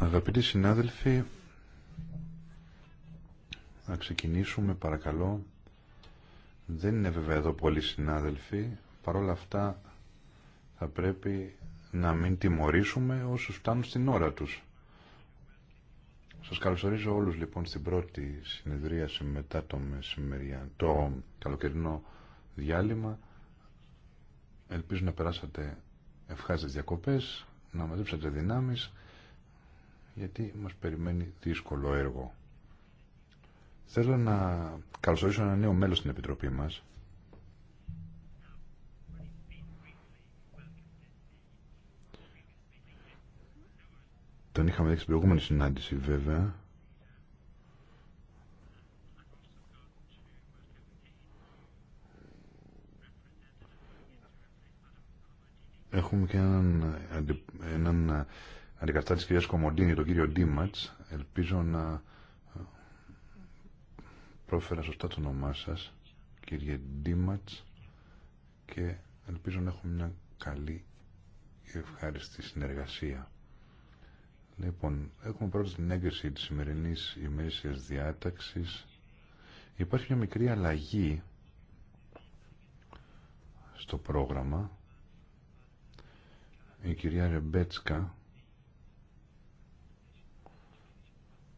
Αγαπητοί συνάδελφοι, να ξεκινήσουμε παρακαλώ. Δεν είναι βέβαια εδώ πολλοί συνάδελφοι. Παρ' όλα αυτά θα πρέπει να μην τιμωρήσουμε όσους φτάνουν στην ώρα τους. Σας καλωσορίζω όλους λοιπόν στην πρώτη συνεδρίαση μετά το μεσημεριά, το καλοκαιρινό διάλειμμα. Ελπίζω να περάσατε ευχάριστες διακοπές, να μαζέψατε δυνάμεις, γιατί μας περιμένει δύσκολο έργο. Θέλω να καλωσορίσω ένα νέο μέλος στην Επιτροπή μας, δεν είχαμε δείξει στην προηγούμενη συνάντηση βέβαια έχουμε και έναν, αντι, έναν αντικαστάτη της κυρίας Κομοντίνη, τον κύριο Ντίματς. Ελπίζω να ε, πρόφερα σωστά το όνομά σα κύριε Ντίματς, και ελπίζω να έχουμε μια καλή και ευχάριστη συνεργασία. Λοιπόν, έχουμε πρώτα την έγκριση της σημερινής ημέρησιας διάταξης. Υπάρχει μια μικρή αλλαγή στο πρόγραμμα. Η κυρία Ρεμπέτσκα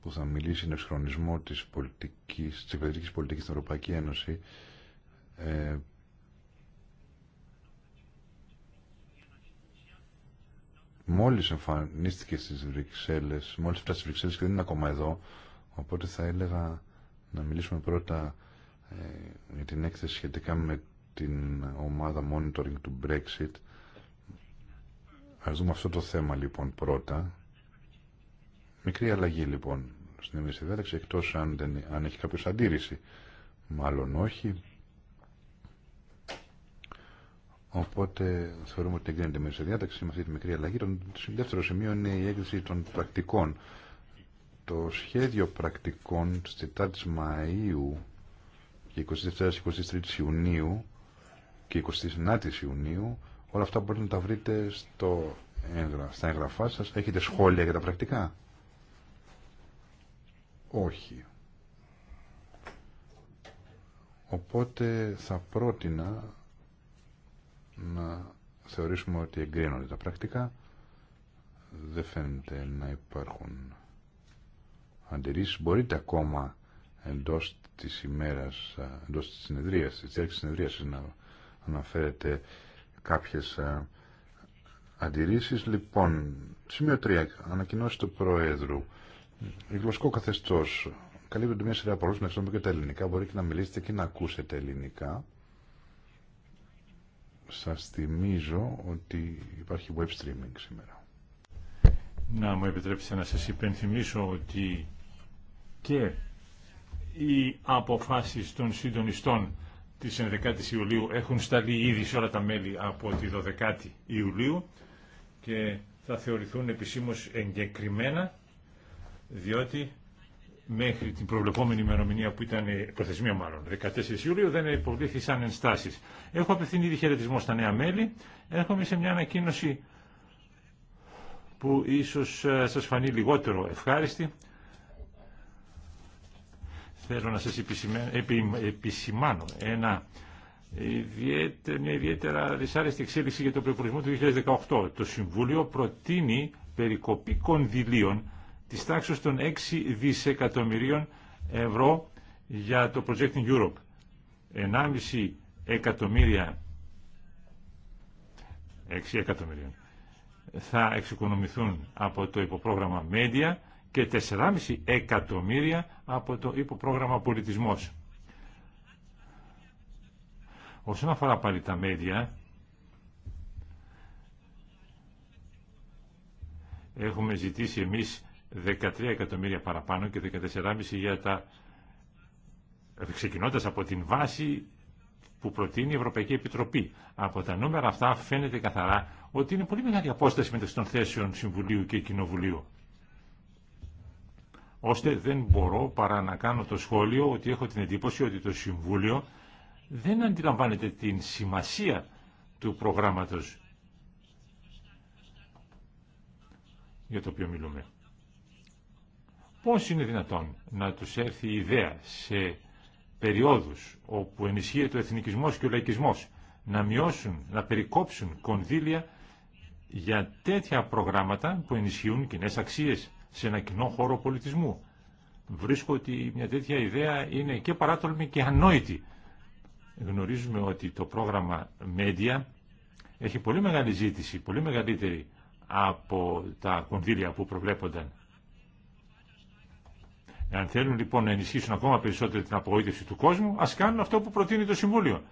που θα μιλήσει είναι εξχρονισμό της, πολιτικής, της πολιτικής στην Ευρωπαϊκή Ένωση ε, μόλις εμφανίστηκε στις Βρυξέλλες, μόλις φτάσει στις Βρυξέλλες και δεν είναι ακόμα εδώ, οπότε θα έλεγα να μιλήσουμε πρώτα ε, για την έκθεση σχετικά με την ομάδα monitoring του Brexit. Ας δούμε αυτό το θέμα λοιπόν πρώτα. Μικρή αλλαγή λοιπόν στην εμείς εκτός αν, δεν, αν έχει κάποιος αντίρρηση. Μάλλον όχι. Οπότε θεωρούμε ότι εγκρίνεται μέσα σε διάταξη με αυτή τη μικρή αλλαγή. Το δεύτερο σημείο είναι η έγκριση των πρακτικών. Το σχέδιο πρακτικών στις 4 Μαΐου και 24-23 Ιουνίου και 29 Ιουνίου όλα αυτά μπορείτε να τα βρείτε στο, στα εγγραφά σα. Έχετε σχόλια για τα πρακτικά. Όχι. Οπότε θα πρότεινα να θεωρήσουμε ότι εγκρίνονται τα πρακτικά. Δεν φαίνεται να υπάρχουν αντιρρήσεις. Μπορείτε ακόμα εντός της ημέρας, εντός της συνεδρίας, της συνεδρία να αναφέρετε κάποιες αντιρρήσεις. Λοιπόν, σημείο 3, ανακοινώσει του Προέδρου. Η γλωσσικό καθεστώς καλύπτει μια σειρά παρόλους να και τα ελληνικά. Μπορείτε να μιλήσετε και να ακούσετε ελληνικά σας θυμίζω ότι υπάρχει web streaming σήμερα. Να μου επιτρέψετε να σας υπενθυμίσω ότι και οι αποφάσεις των συντονιστών της 11ης Ιουλίου έχουν σταλεί ήδη σε όλα τα μέλη από τη 12η Ιουλίου και θα θεωρηθούν επισήμως εγκεκριμένα διότι μέχρι την προβλεπόμενη ημερομηνία που ήταν ε, προθεσμία μάλλον, 14 Ιουλίου, δεν υποβλήθησαν ενστάσεις. Έχω απευθύνει ήδη χαιρετισμό στα νέα μέλη. Έρχομαι σε μια ανακοίνωση που ίσως ε, σας φανεί λιγότερο ευχάριστη. Θέλω να σας επισημάνω ένα μια ιδιαίτερα δυσάρεστη εξέλιξη για το προπολογισμό του 2018. Το Συμβούλιο προτείνει περικοπή κονδυλίων της τάξης των 6 δισεκατομμυρίων ευρώ για το Projecting Europe. 1,5 εκατομμύρια 6 εκατομμυρίων θα εξοικονομηθούν από το υποπρόγραμμα Media και 4,5 εκατομμύρια από το υποπρόγραμμα Πολιτισμός. Όσον αφορά πάλι τα Media, έχουμε ζητήσει εμείς 13 εκατομμύρια παραπάνω και 14,5 για τα ξεκινώντας από την βάση που προτείνει η Ευρωπαϊκή Επιτροπή. Από τα νούμερα αυτά φαίνεται καθαρά ότι είναι πολύ μεγάλη απόσταση μεταξύ των θέσεων Συμβουλίου και Κοινοβουλίου. Ώστε δεν μπορώ παρά να κάνω το σχόλιο ότι έχω την εντύπωση ότι το Συμβούλιο δεν αντιλαμβάνεται την σημασία του προγράμματος για το οποίο μιλούμε. Πώς είναι δυνατόν να τους έρθει η ιδέα σε περιόδους όπου ενισχύεται ο εθνικισμός και ο λαϊκισμός να μειώσουν, να περικόψουν κονδύλια για τέτοια προγράμματα που ενισχύουν κοινέ αξίες σε ένα κοινό χώρο πολιτισμού. Βρίσκω ότι μια τέτοια ιδέα είναι και παράτολμη και ανόητη. Γνωρίζουμε ότι το πρόγραμμα Media έχει πολύ μεγάλη ζήτηση, πολύ μεγαλύτερη από τα κονδύλια που προβλέπονταν Εάν θέλουν λοιπόν να ενισχύσουν ακόμα περισσότερο την απογοήτευση του κόσμου, α κάνουν αυτό που προτείνει το Συμβούλιο.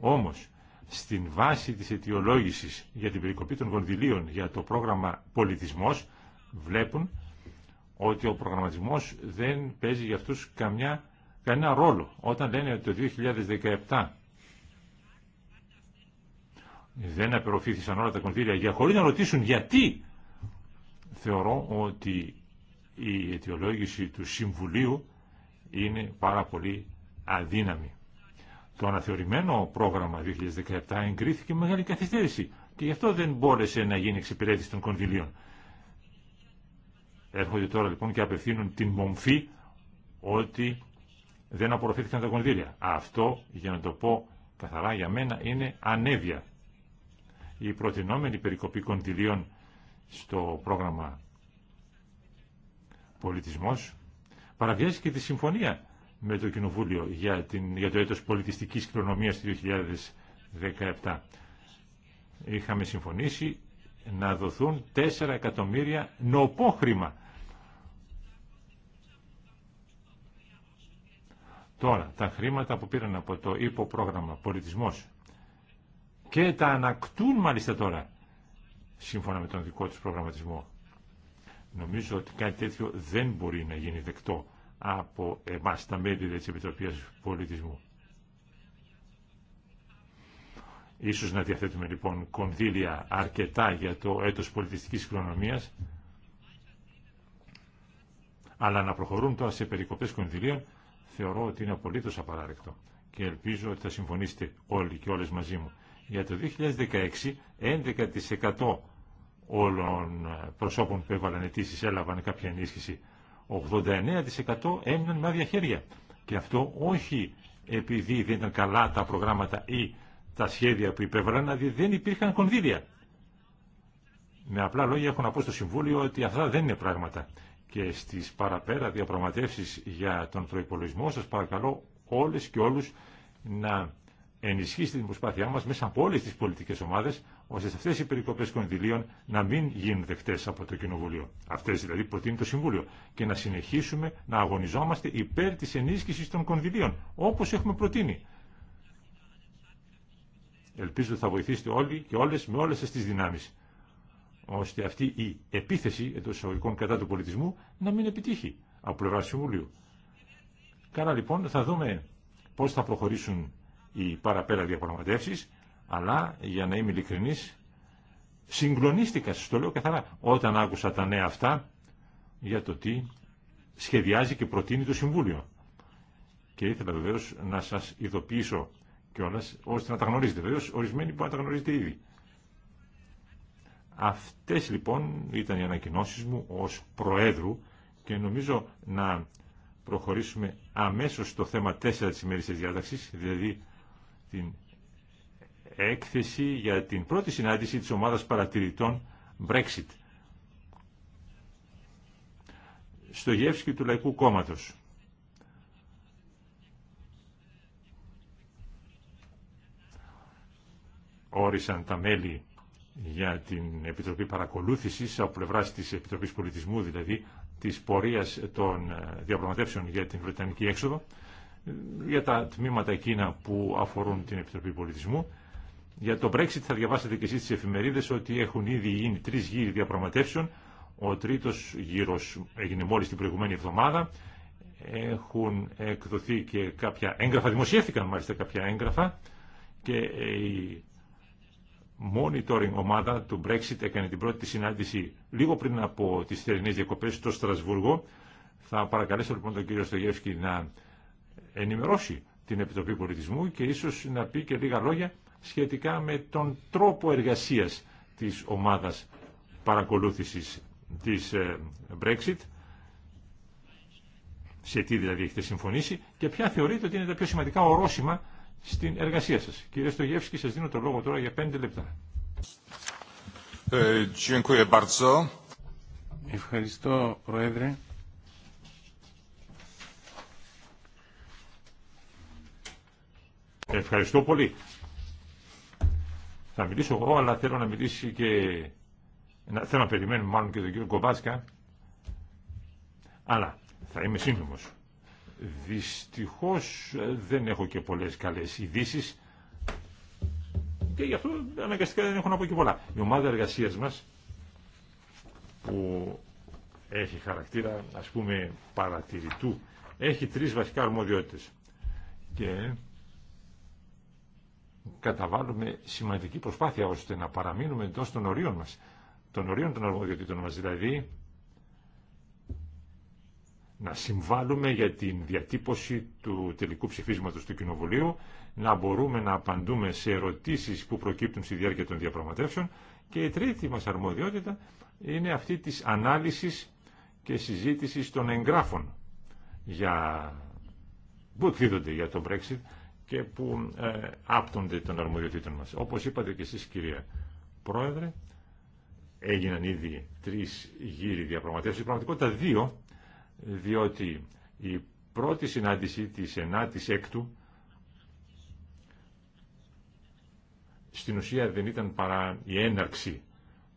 Όμως, στην βάση της αιτιολόγησης για την περικοπή των κονδυλίων για το πρόγραμμα πολιτισμός, βλέπουν ότι ο προγραμματισμός δεν παίζει για αυτού κανένα ρόλο. Όταν λένε ότι το 2017 δεν απεροφήθησαν όλα τα κονδύλια για χωρί να ρωτήσουν γιατί, θεωρώ ότι η αιτιολόγηση του Συμβουλίου είναι πάρα πολύ αδύναμη. Το αναθεωρημένο πρόγραμμα 2017 εγκρίθηκε με μεγάλη καθυστέρηση και γι' αυτό δεν μπόρεσε να γίνει εξυπηρέτηση των κονδυλίων. Έρχονται τώρα λοιπόν και απευθύνουν την μομφή ότι δεν απορροφήθηκαν τα κονδύλια. Αυτό, για να το πω καθαρά για μένα, είναι ανέβεια. Η προτινόμενη περικοπή κονδυλίων στο πρόγραμμα πολιτισμός παραβιάζει και τη συμφωνία με το Κοινοβούλιο για, την, για το έτος πολιτιστικής κληρονομίας του 2017. Είχαμε συμφωνήσει να δοθούν 4 εκατομμύρια νοπόχρημα. Τώρα, τα χρήματα που πήραν από το υποπρόγραμμα πολιτισμός και τα ανακτούν μάλιστα τώρα, σύμφωνα με τον δικό τους προγραμματισμό. Νομίζω ότι κάτι τέτοιο δεν μπορεί να γίνει δεκτό από εμάς τα μέλη της Επιτροπής Πολιτισμού. Ίσως να διαθέτουμε λοιπόν κονδύλια αρκετά για το έτος πολιτιστικής κληρονομίας, αλλά να προχωρούν τώρα σε περικοπές κονδυλίων θεωρώ ότι είναι απολύτως απαράδεκτο και ελπίζω ότι θα συμφωνήσετε όλοι και όλες μαζί μου. Για το 2016, 11% όλων ε, προσώπων που έβαλαν αιτήσει έλαβαν κάποια ενίσχυση. 89% έμειναν με άδεια χέρια. Και αυτό όχι επειδή δεν ήταν καλά τα προγράμματα ή τα σχέδια που υπέβαλαν, δηλαδή δεν υπήρχαν κονδύλια. Με απλά λόγια έχω να πω στο Συμβούλιο ότι αυτά δεν είναι πράγματα. Και στις παραπέρα διαπραγματεύσεις για τον προϋπολογισμό σας παρακαλώ όλες και όλους να ενισχύσετε την προσπάθειά μας μέσα από όλες τις πολιτικές ομάδες ώστε σε αυτές οι περικοπέ κονδυλίων να μην γίνουν δεκτέ από το Κοινοβουλίο. Αυτέ δηλαδή που προτείνει το Συμβούλιο. Και να συνεχίσουμε να αγωνιζόμαστε υπέρ τη ενίσχυση των κονδυλίων, Όπω έχουμε προτείνει. Ελπίζω ότι θα βοηθήσετε όλοι και όλε με όλε σας τις δυνάμεις, ώστε αυτή η επίθεση εντό εισαγωγικών κατά του πολιτισμού να μην επιτύχει από πλευρά του Συμβουλίου. Καλά λοιπόν, θα δούμε πώς θα προχωρήσουν οι παραπέρα διαπραγματεύσεις αλλά για να είμαι ειλικρινής συγκλονίστηκα, σας το λέω καθαρά, όταν άκουσα τα νέα αυτά για το τι σχεδιάζει και προτείνει το Συμβούλιο. Και ήθελα βεβαίω να σας ειδοποιήσω κιόλα ώστε να τα γνωρίζετε. Βεβαίω ορισμένοι μπορεί να τα γνωρίζετε ήδη. Αυτές λοιπόν ήταν οι ανακοινώσει μου ως Προέδρου και νομίζω να προχωρήσουμε αμέσως στο θέμα 4 της ημέρης της διάταξης, δηλαδή την έκθεση για την πρώτη συνάντηση της ομάδας παρατηρητών Brexit στο γεύσκι του Λαϊκού Κόμματος. Όρισαν τα μέλη για την Επιτροπή Παρακολούθησης από πλευρά της Επιτροπής Πολιτισμού, δηλαδή της πορείας των ε, διαπραγματεύσεων για την Βρετανική έξοδο, ε, για τα τμήματα εκείνα που αφορούν την Επιτροπή Πολιτισμού για το Brexit θα διαβάσετε και εσείς τι εφημερίδες ότι έχουν ήδη γίνει τρεις γύροι διαπραγματεύσεων. Ο τρίτος γύρος έγινε μόλις την προηγουμένη εβδομάδα. Έχουν εκδοθεί και κάποια έγγραφα, δημοσιεύτηκαν μάλιστα κάποια έγγραφα και η monitoring ομάδα του Brexit έκανε την πρώτη συνάντηση λίγο πριν από τις θερινέ διακοπές στο Στρασβούργο. Θα παρακαλέσω λοιπόν τον κύριο Στογεύσκη να ενημερώσει την Επιτροπή Πολιτισμού και ίσως να πει και λίγα λόγια σχετικά με τον τρόπο εργασίας της ομάδας παρακολούθησης της ε, Brexit, σε τι δηλαδή έχετε συμφωνήσει και ποια θεωρείτε ότι είναι τα πιο σημαντικά ορόσημα στην εργασία σας. Κύριε Στογεύσκη, σας δίνω το λόγο τώρα για πέντε λεπτά. Ε, Ευχαριστώ, Πρόεδρε. Ευχαριστώ πολύ. Θα μιλήσω εγώ, αλλά θέλω να μιλήσει και... Θέλω να περιμένουμε μάλλον και τον κύριο Κομπάσκα. Αλλά θα είμαι σύντομο. Δυστυχώ ε, δεν έχω και πολλέ καλέ ειδήσει και γι' αυτό αναγκαστικά δεν έχω να πω και πολλά. Η ομάδα εργασία μα που έχει χαρακτήρα ας πούμε παρατηρητού έχει τρεις βασικά αρμοδιότητες και καταβάλουμε σημαντική προσπάθεια ώστε να παραμείνουμε εντός των ορίων μας, των ορίων των αρμοδιοτήτων μας, δηλαδή να συμβάλλουμε για την διατύπωση του τελικού ψηφίσματος του Κοινοβουλίου, να μπορούμε να απαντούμε σε ερωτήσεις που προκύπτουν στη διάρκεια των διαπραγματεύσεων και η τρίτη μας αρμοδιότητα είναι αυτή της ανάλυσης και συζήτησης των εγγράφων για... που εκδίδονται για τον Brexit και που ε, άπτονται των αρμοδιοτήτων μας. Όπως είπατε και εσείς κυρία Πρόεδρε, έγιναν ήδη τρεις γύροι διαπραγματεύσεις, πραγματικότητα δύο, διότι η πρώτη συνάντηση της 9ης έκτου στην ουσία δεν ήταν παρά η έναρξη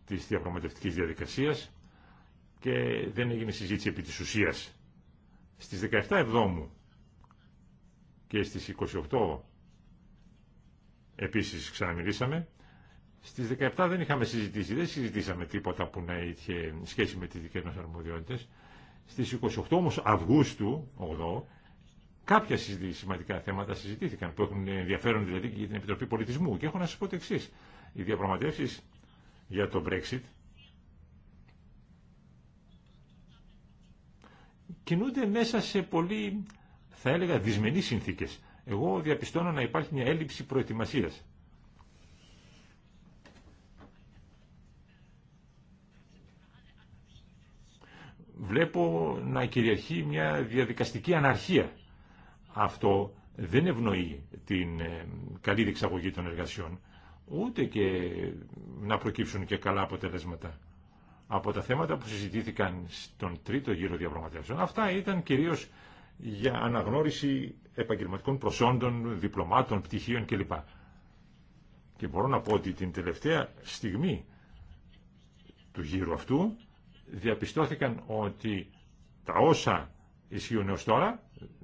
της διαπραγματευτικής διαδικασίας και δεν έγινε συζήτηση επί της ουσίας. Στις 17 Εβδόμου και στις 28 επίσης ξαναμιλήσαμε. Στις 17 δεν είχαμε συζητήσει, δεν συζητήσαμε τίποτα που να είχε σχέση με τις δικές μας αρμοδιότητες. Στις 28 όμως Αυγούστου, 8, κάποια σημαντικά θέματα συζητήθηκαν που έχουν ενδιαφέρον δηλαδή και για την Επιτροπή Πολιτισμού. Και έχω να σας πω το εξή Οι διαπραγματεύσεις για το Brexit κινούνται μέσα σε πολύ θα έλεγα δυσμενείς συνθήκες. Εγώ διαπιστώνω να υπάρχει μια έλλειψη προετοιμασίας. Βλέπω να κυριαρχεί μια διαδικαστική αναρχία. Αυτό δεν ευνοεί την ε, καλή διεξαγωγή των εργασιών, ούτε και να προκύψουν και καλά αποτελέσματα. Από τα θέματα που συζητήθηκαν στον τρίτο γύρο διαπραγματεύσεων, αυτά ήταν κυρίως για αναγνώριση επαγγελματικών προσόντων, διπλωμάτων, πτυχίων κλπ. Και μπορώ να πω ότι την τελευταία στιγμή του γύρου αυτού διαπιστώθηκαν ότι τα όσα ισχύουν έως τώρα,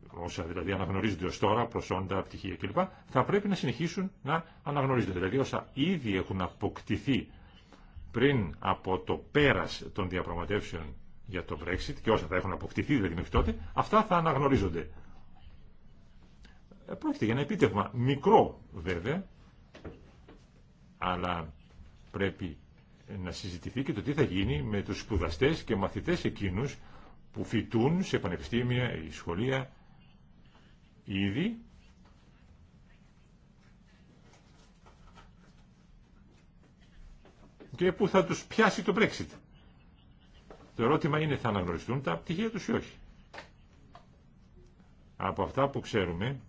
όσα δηλαδή αναγνωρίζονται ως τώρα, προσόντα, πτυχία κλπ, θα πρέπει να συνεχίσουν να αναγνωρίζονται. Δηλαδή όσα ήδη έχουν αποκτηθεί πριν από το πέρας των διαπραγματεύσεων για το Brexit και όσα θα έχουν αποκτηθεί δηλαδή μέχρι τότε, αυτά θα αναγνωρίζονται. Ε, πρόκειται για ένα επίτευγμα μικρό βέβαια, αλλά πρέπει να συζητηθεί και το τι θα γίνει με τους σπουδαστέ και μαθητές εκείνους που φοιτούν σε πανεπιστήμια ή σχολεία ήδη και που θα τους πιάσει το Brexit. Το ερώτημα είναι θα αναγνωριστούν τα πτυχία τους ή όχι. Από αυτά που ξέρουμε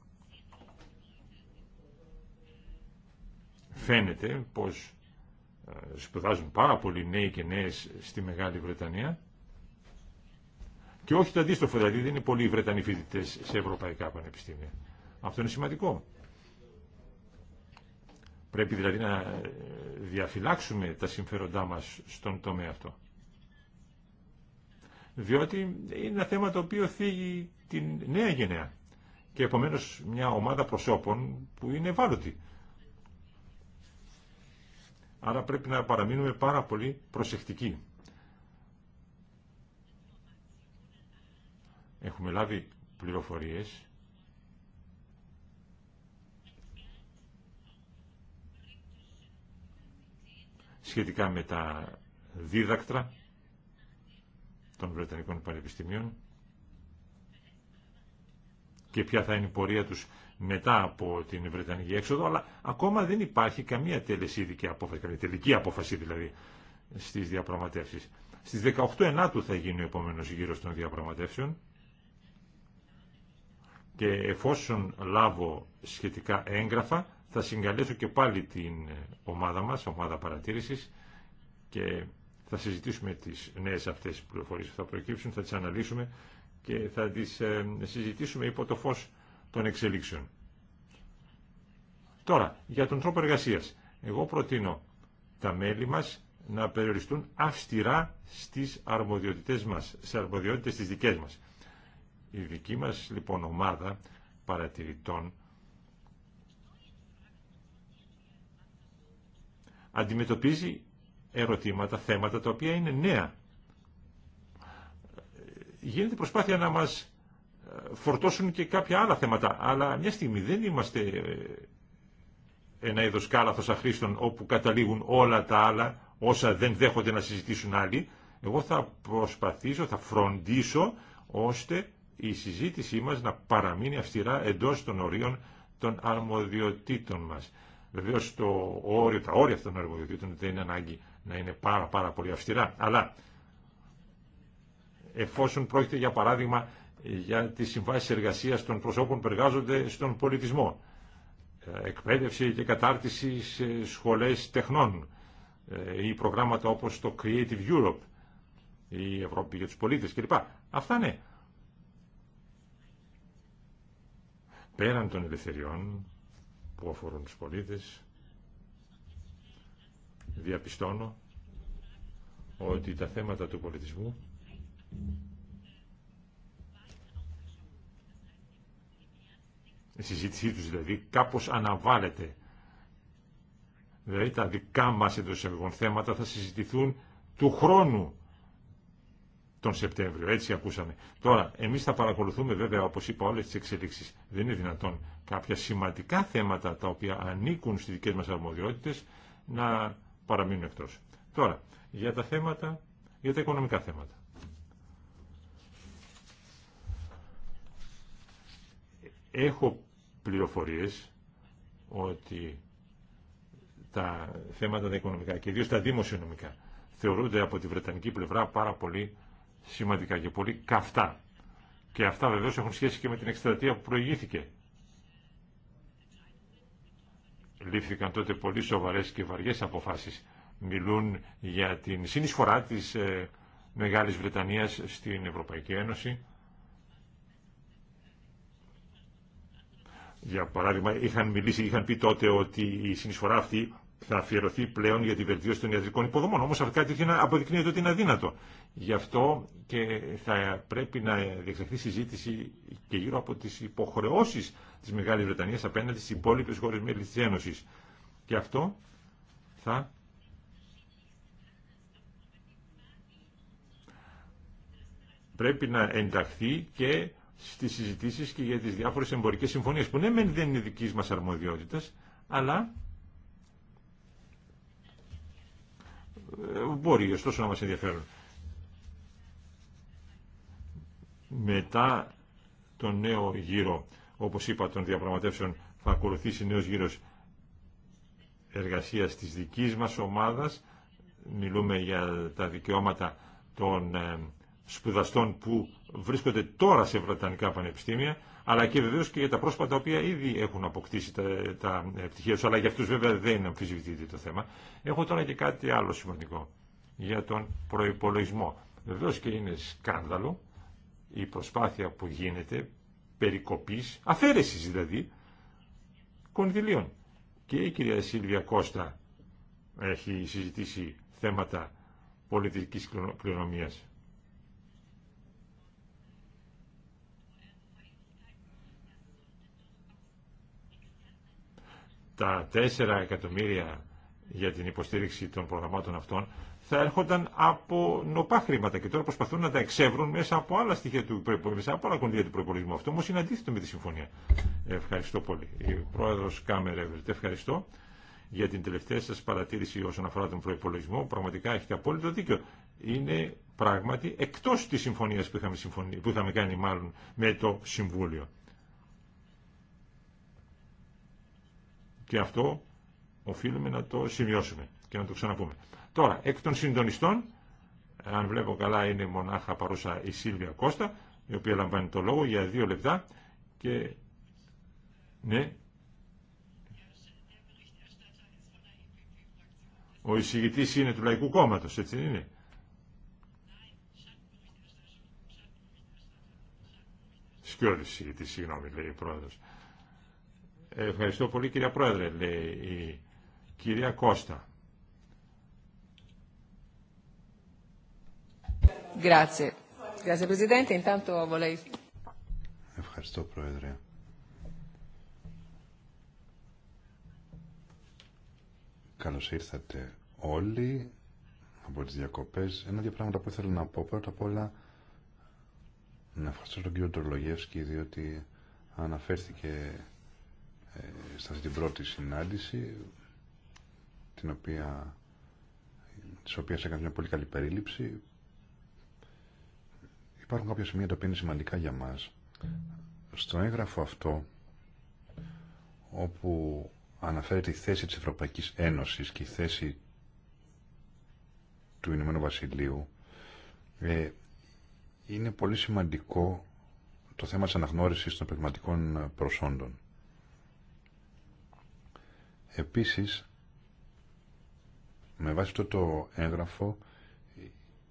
φαίνεται πως ε, σπουδάζουν πάρα πολλοί νέοι και νέες στη Μεγάλη Βρετανία και όχι το αντίστροφο, δηλαδή δεν είναι πολλοί Βρετανοί φοιτητέ σε ευρωπαϊκά πανεπιστήμια. Αυτό είναι σημαντικό. Πρέπει δηλαδή να ε, διαφυλάξουμε τα συμφέροντά μας στον τομέα αυτό διότι είναι ένα θέμα το οποίο θίγει την νέα γενναία και επομένως μια ομάδα προσώπων που είναι ευάλωτη. Άρα πρέπει να παραμείνουμε πάρα πολύ προσεκτικοί. Έχουμε λάβει πληροφορίες σχετικά με τα δίδακτρα των Βρετανικών Πανεπιστημίων και ποια θα είναι η πορεία τους μετά από την Βρετανική έξοδο, αλλά ακόμα δεν υπάρχει καμία τελεσίδικη απόφαση, καμία τελική απόφαση δηλαδή στις διαπραγματεύσεις. Στις 18 Ενάτου θα γίνει ο επόμενος γύρος των διαπραγματεύσεων και εφόσον λάβω σχετικά έγγραφα θα συγκαλέσω και πάλι την ομάδα μας, ομάδα παρατήρησης και θα συζητήσουμε τις νέες αυτές πληροφορίες που θα προκύψουν, θα τις αναλύσουμε και θα τις ε, συζητήσουμε υπό το φως των εξελίξεων. Τώρα, για τον τρόπο εργασίας. Εγώ προτείνω τα μέλη μας να περιοριστούν αυστηρά στις αρμοδιότητες μας, σε αρμοδιότητες τις δικές μας. Η δική μας λοιπόν ομάδα παρατηρητών αντιμετωπίζει ερωτήματα, θέματα τα οποία είναι νέα. Γίνεται προσπάθεια να μας ε, φορτώσουν και κάποια άλλα θέματα, αλλά μια στιγμή δεν είμαστε ε, ένα είδο κάλαθος αχρήστων όπου καταλήγουν όλα τα άλλα όσα δεν δέχονται να συζητήσουν άλλοι. Εγώ θα προσπαθήσω, θα φροντίσω ώστε η συζήτησή μας να παραμείνει αυστηρά εντός των ορίων των αρμοδιοτήτων μας. Βεβαίω το όριο, τα όρια αυτών των αρμοδιοτήτων δεν είναι ανάγκη να είναι πάρα πάρα πολύ αυστηρά. Αλλά εφόσον πρόκειται για παράδειγμα για τις συμβάσεις εργασίας των προσώπων που εργάζονται στον πολιτισμό, ε, εκπαίδευση και κατάρτιση σε σχολές τεχνών ε, ή προγράμματα όπως το Creative Europe η Ευρώπη για τους πολίτες κλπ. Αυτά ναι. Πέραν των ελευθεριών που αφορούν τους πολίτες διαπιστώνω ότι τα θέματα του πολιτισμού η συζήτησή τους δηλαδή κάπως αναβάλλεται δηλαδή τα δικά μας εντός εισαγωγών θέματα θα συζητηθούν του χρόνου τον Σεπτέμβριο, έτσι ακούσαμε. Τώρα, εμείς θα παρακολουθούμε βέβαια, όπως είπα, όλες τις εξελίξεις. Δεν είναι δυνατόν κάποια σημαντικά θέματα τα οποία ανήκουν στις δικές μας αρμοδιότητες να παραμείνουν εκτό. Τώρα, για τα θέματα, για τα οικονομικά θέματα. Έχω πληροφορίες ότι τα θέματα τα οικονομικά και ιδίω τα δημοσιονομικά θεωρούνται από τη Βρετανική πλευρά πάρα πολύ σημαντικά και πολύ καυτά. Και αυτά βεβαίω έχουν σχέση και με την εκστρατεία που προηγήθηκε λήφθηκαν τότε πολύ σοβαρές και βαριές αποφάσεις. Μιλούν για την συνεισφορά της ε, Μεγάλης Βρετανίας στην Ευρωπαϊκή Ένωση. Για παράδειγμα, είχαν μιλήσει, είχαν πει τότε ότι η συνεισφορά αυτή θα αφιερωθεί πλέον για τη βελτίωση των ιατρικών υποδομών. Όμω αυτό κάτι τέτοιο αποδεικνύεται ότι είναι αδύνατο. Γι' αυτό και θα πρέπει να διεξαχθεί συζήτηση και γύρω από τι υποχρεώσει τη Μεγάλη Βρετανία απέναντι στι υπόλοιπε χώρε μέλη τη Ένωση. Και αυτό θα πρέπει να ενταχθεί και στις συζητήσεις και για τις διάφορες εμπορικές συμφωνίες που ναι δεν είναι δική μας αρμοδιότητα αλλά μπορεί ωστόσο να μας ενδιαφέρουν. Μετά τον νέο γύρο, όπως είπα, των διαπραγματεύσεων θα ακολουθήσει νέος γύρος εργασίας της δικής μας ομάδας. Μιλούμε για τα δικαιώματα των ε, σπουδαστών που βρίσκονται τώρα σε βρετανικά πανεπιστήμια, αλλά και βεβαίω και για τα πρόσωπα τα οποία ήδη έχουν αποκτήσει τα, τα ε, πτυχία αλλά για αυτού βέβαια δεν αμφισβητείται το θέμα. Έχω τώρα και κάτι άλλο σημαντικό για τον προπολογισμό. Βεβαίω και είναι σκάνδαλο η προσπάθεια που γίνεται περικοπής, αφαιρεση δηλαδή, κονδυλίων. Και η κυρία Σίλβια Κώστα έχει συζητήσει θέματα πολιτικής κληρονομίας. τα 4 εκατομμύρια για την υποστήριξη των προγραμμάτων αυτών θα έρχονταν από νοπά χρήματα και τώρα προσπαθούν να τα εξεύρουν μέσα από άλλα στοιχεία του μέσα από άλλα κονδύλια του προπολογισμού. Αυτό όμω είναι αντίθετο με τη συμφωνία. Ευχαριστώ πολύ. Η πρόεδρο Κάμερ ευχαριστώ για την τελευταία σα παρατήρηση όσον αφορά τον προπολογισμό. Πραγματικά έχετε απόλυτο δίκιο. Είναι πράγματι εκτό τη συμφωνία που, που είχαμε κάνει μάλλον με το Συμβούλιο. Και αυτό οφείλουμε να το σημειώσουμε και να το ξαναπούμε. Τώρα, εκ των συντονιστών, αν βλέπω καλά είναι μονάχα παρούσα η Σίλβια Κώστα, η οποία λαμβάνει το λόγο για δύο λεπτά και ναι, ο εισηγητή είναι του Λαϊκού Κόμματο, έτσι είναι. Σκιώδη εισηγητής, συγγνώμη, λέει ο πρόεδρος. Ευχαριστώ πολύ κυρία Πρόεδρε, λέει η κυρία Κώστα. Ευχαριστώ Πρόεδρε. Καλώς ήρθατε όλοι από τις διακοπές. Ένα-δύο πράγματα που ήθελα να πω. Πρώτα απ' όλα να ευχαριστώ τον κύριο Τρολογεύσκη διότι αναφέρθηκε ε, σε αυτή την πρώτη συνάντηση την οποία της οποίας έκανε μια πολύ καλή περίληψη υπάρχουν κάποια σημεία τα οποία είναι σημαντικά για μας στο έγγραφο αυτό όπου αναφέρεται η θέση της Ευρωπαϊκής Ένωσης και η θέση του Ηνωμένου Βασιλείου ε, είναι πολύ σημαντικό το θέμα της αναγνώρισης των πνευματικών προσόντων. Επίσης, με βάση αυτό το έγγραφο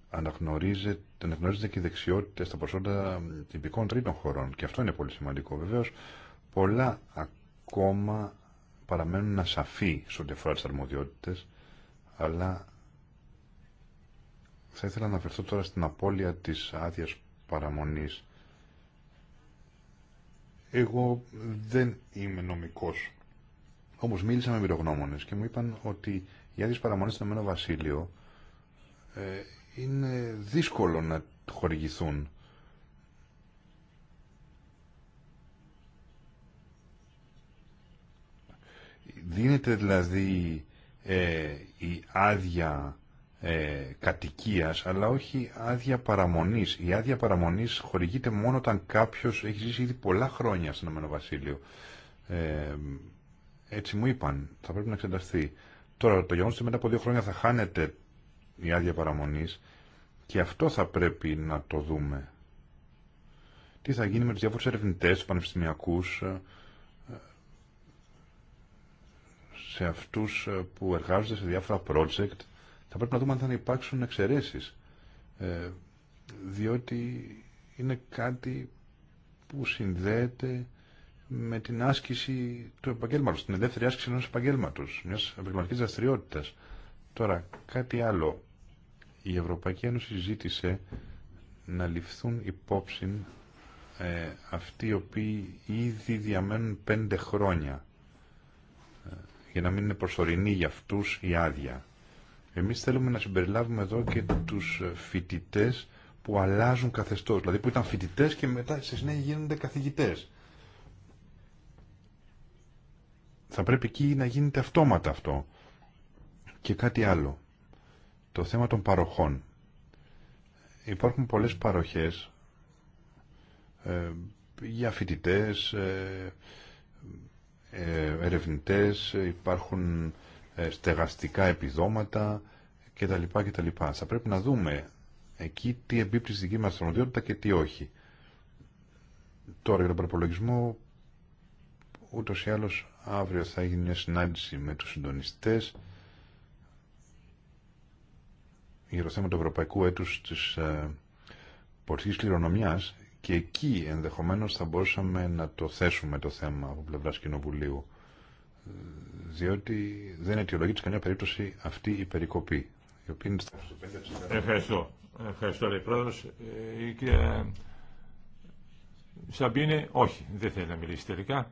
αναγνωρίζεται, αναγνωρίζεται και οι δεξιότητες στα προσόντα τυπικών τρίτων χωρών και αυτό είναι πολύ σημαντικό βεβαίως. Πολλά ακόμα παραμένουν ασαφή σε ό,τι αφορά τις αλλά θα ήθελα να αναφερθώ τώρα στην απώλεια της άδεια παραμονής. Εγώ δεν είμαι νομικός Όμω, μίλησα με εμπειρογνώμονες και μου είπαν ότι οι άδειες παραμονές στο Ηνωμένο Βασίλειο ε, είναι δύσκολο να χορηγηθούν. Δίνεται δηλαδή ε, η άδεια ε, κατοικίας, αλλά όχι άδεια παραμονής. Η άδεια παραμονής χορηγείται μόνο όταν κάποιος έχει ζήσει ήδη πολλά χρόνια στο Ηνωμένο Βασίλειο. Ε, έτσι μου είπαν. Θα πρέπει να εξεταστεί. Τώρα, το γεγονό ότι μετά από δύο χρόνια θα χάνεται η άδεια παραμονή και αυτό θα πρέπει να το δούμε. Τι θα γίνει με του διάφορου ερευνητέ, του πανεπιστημιακού, ε, σε αυτού ε, που εργάζονται σε διάφορα project. Θα πρέπει να δούμε αν θα υπάρξουν εξαιρέσει. Ε, διότι είναι κάτι που συνδέεται με την άσκηση του επαγγέλματος, την ελεύθερη άσκηση ενό επαγγελματο, μια επαγγελματική δραστηριότητα. Τώρα, κάτι άλλο. Η Ευρωπαϊκή Ένωση ζήτησε να ληφθούν υπόψη ε, αυτοί οι οποίοι ήδη διαμένουν πέντε χρόνια ε, για να μην είναι προσωρινή για αυτούς η άδεια. Εμείς θέλουμε να συμπεριλάβουμε εδώ και τους φοιτητέ που αλλάζουν καθεστώς, δηλαδή που ήταν φοιτητέ και μετά στη συνέχεια γίνονται καθηγητές. θα πρέπει εκεί να γίνεται αυτόματα αυτό. Και κάτι άλλο. Το θέμα των παροχών. Υπάρχουν πολλές παροχές ε, για φοιτητές, ε, ε, ερευνητές, υπάρχουν ε, στεγαστικά επιδόματα κτλ. κτλ. Θα πρέπει να δούμε εκεί τι εμπίπτει στη δική μας τα και τι όχι. Τώρα για τον προπολογισμό ούτως ή άλλως Αύριο θα γίνει μια συνάντηση με τους συντονιστές για το θέμα του Ευρωπαϊκού Έτους της ε, Πορτικής Κληρονομιάς και εκεί ενδεχομένως θα μπορούσαμε να το θέσουμε το θέμα από πλευράς Κοινοβουλίου διότι δεν αιτιολογεί της καμία περίπτωση αυτή η περικοπή η οποία είναι στα Ευχαριστώ. Ευχαριστώ λέει πρόεδρος. Ε, Σαμπίνε όχι δεν θέλει να μιλήσει τελικά.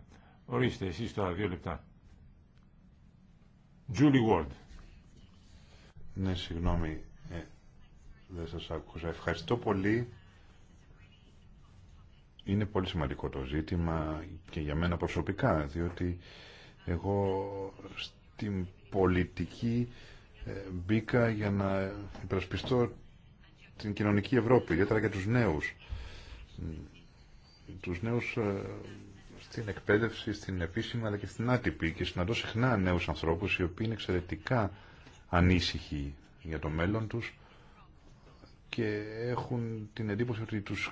Ορίστε εσεί τώρα δύο λεπτά. Julie Ward. Ναι, συγγνώμη, ε, δεν σας άκουσα. Ευχαριστώ πολύ. Είναι πολύ σημαντικό το ζήτημα και για μένα προσωπικά, διότι εγώ στην πολιτική ε, μπήκα για να υπερασπιστώ την κοινωνική Ευρώπη, ιδιαίτερα για τους νέους. Τους νέους ε, στην εκπαίδευση, στην επίσημη αλλά και στην άτυπη και συναντώ συχνά νέους ανθρώπους οι οποίοι είναι εξαιρετικά ανήσυχοι για το μέλλον τους και έχουν την εντύπωση ότι τους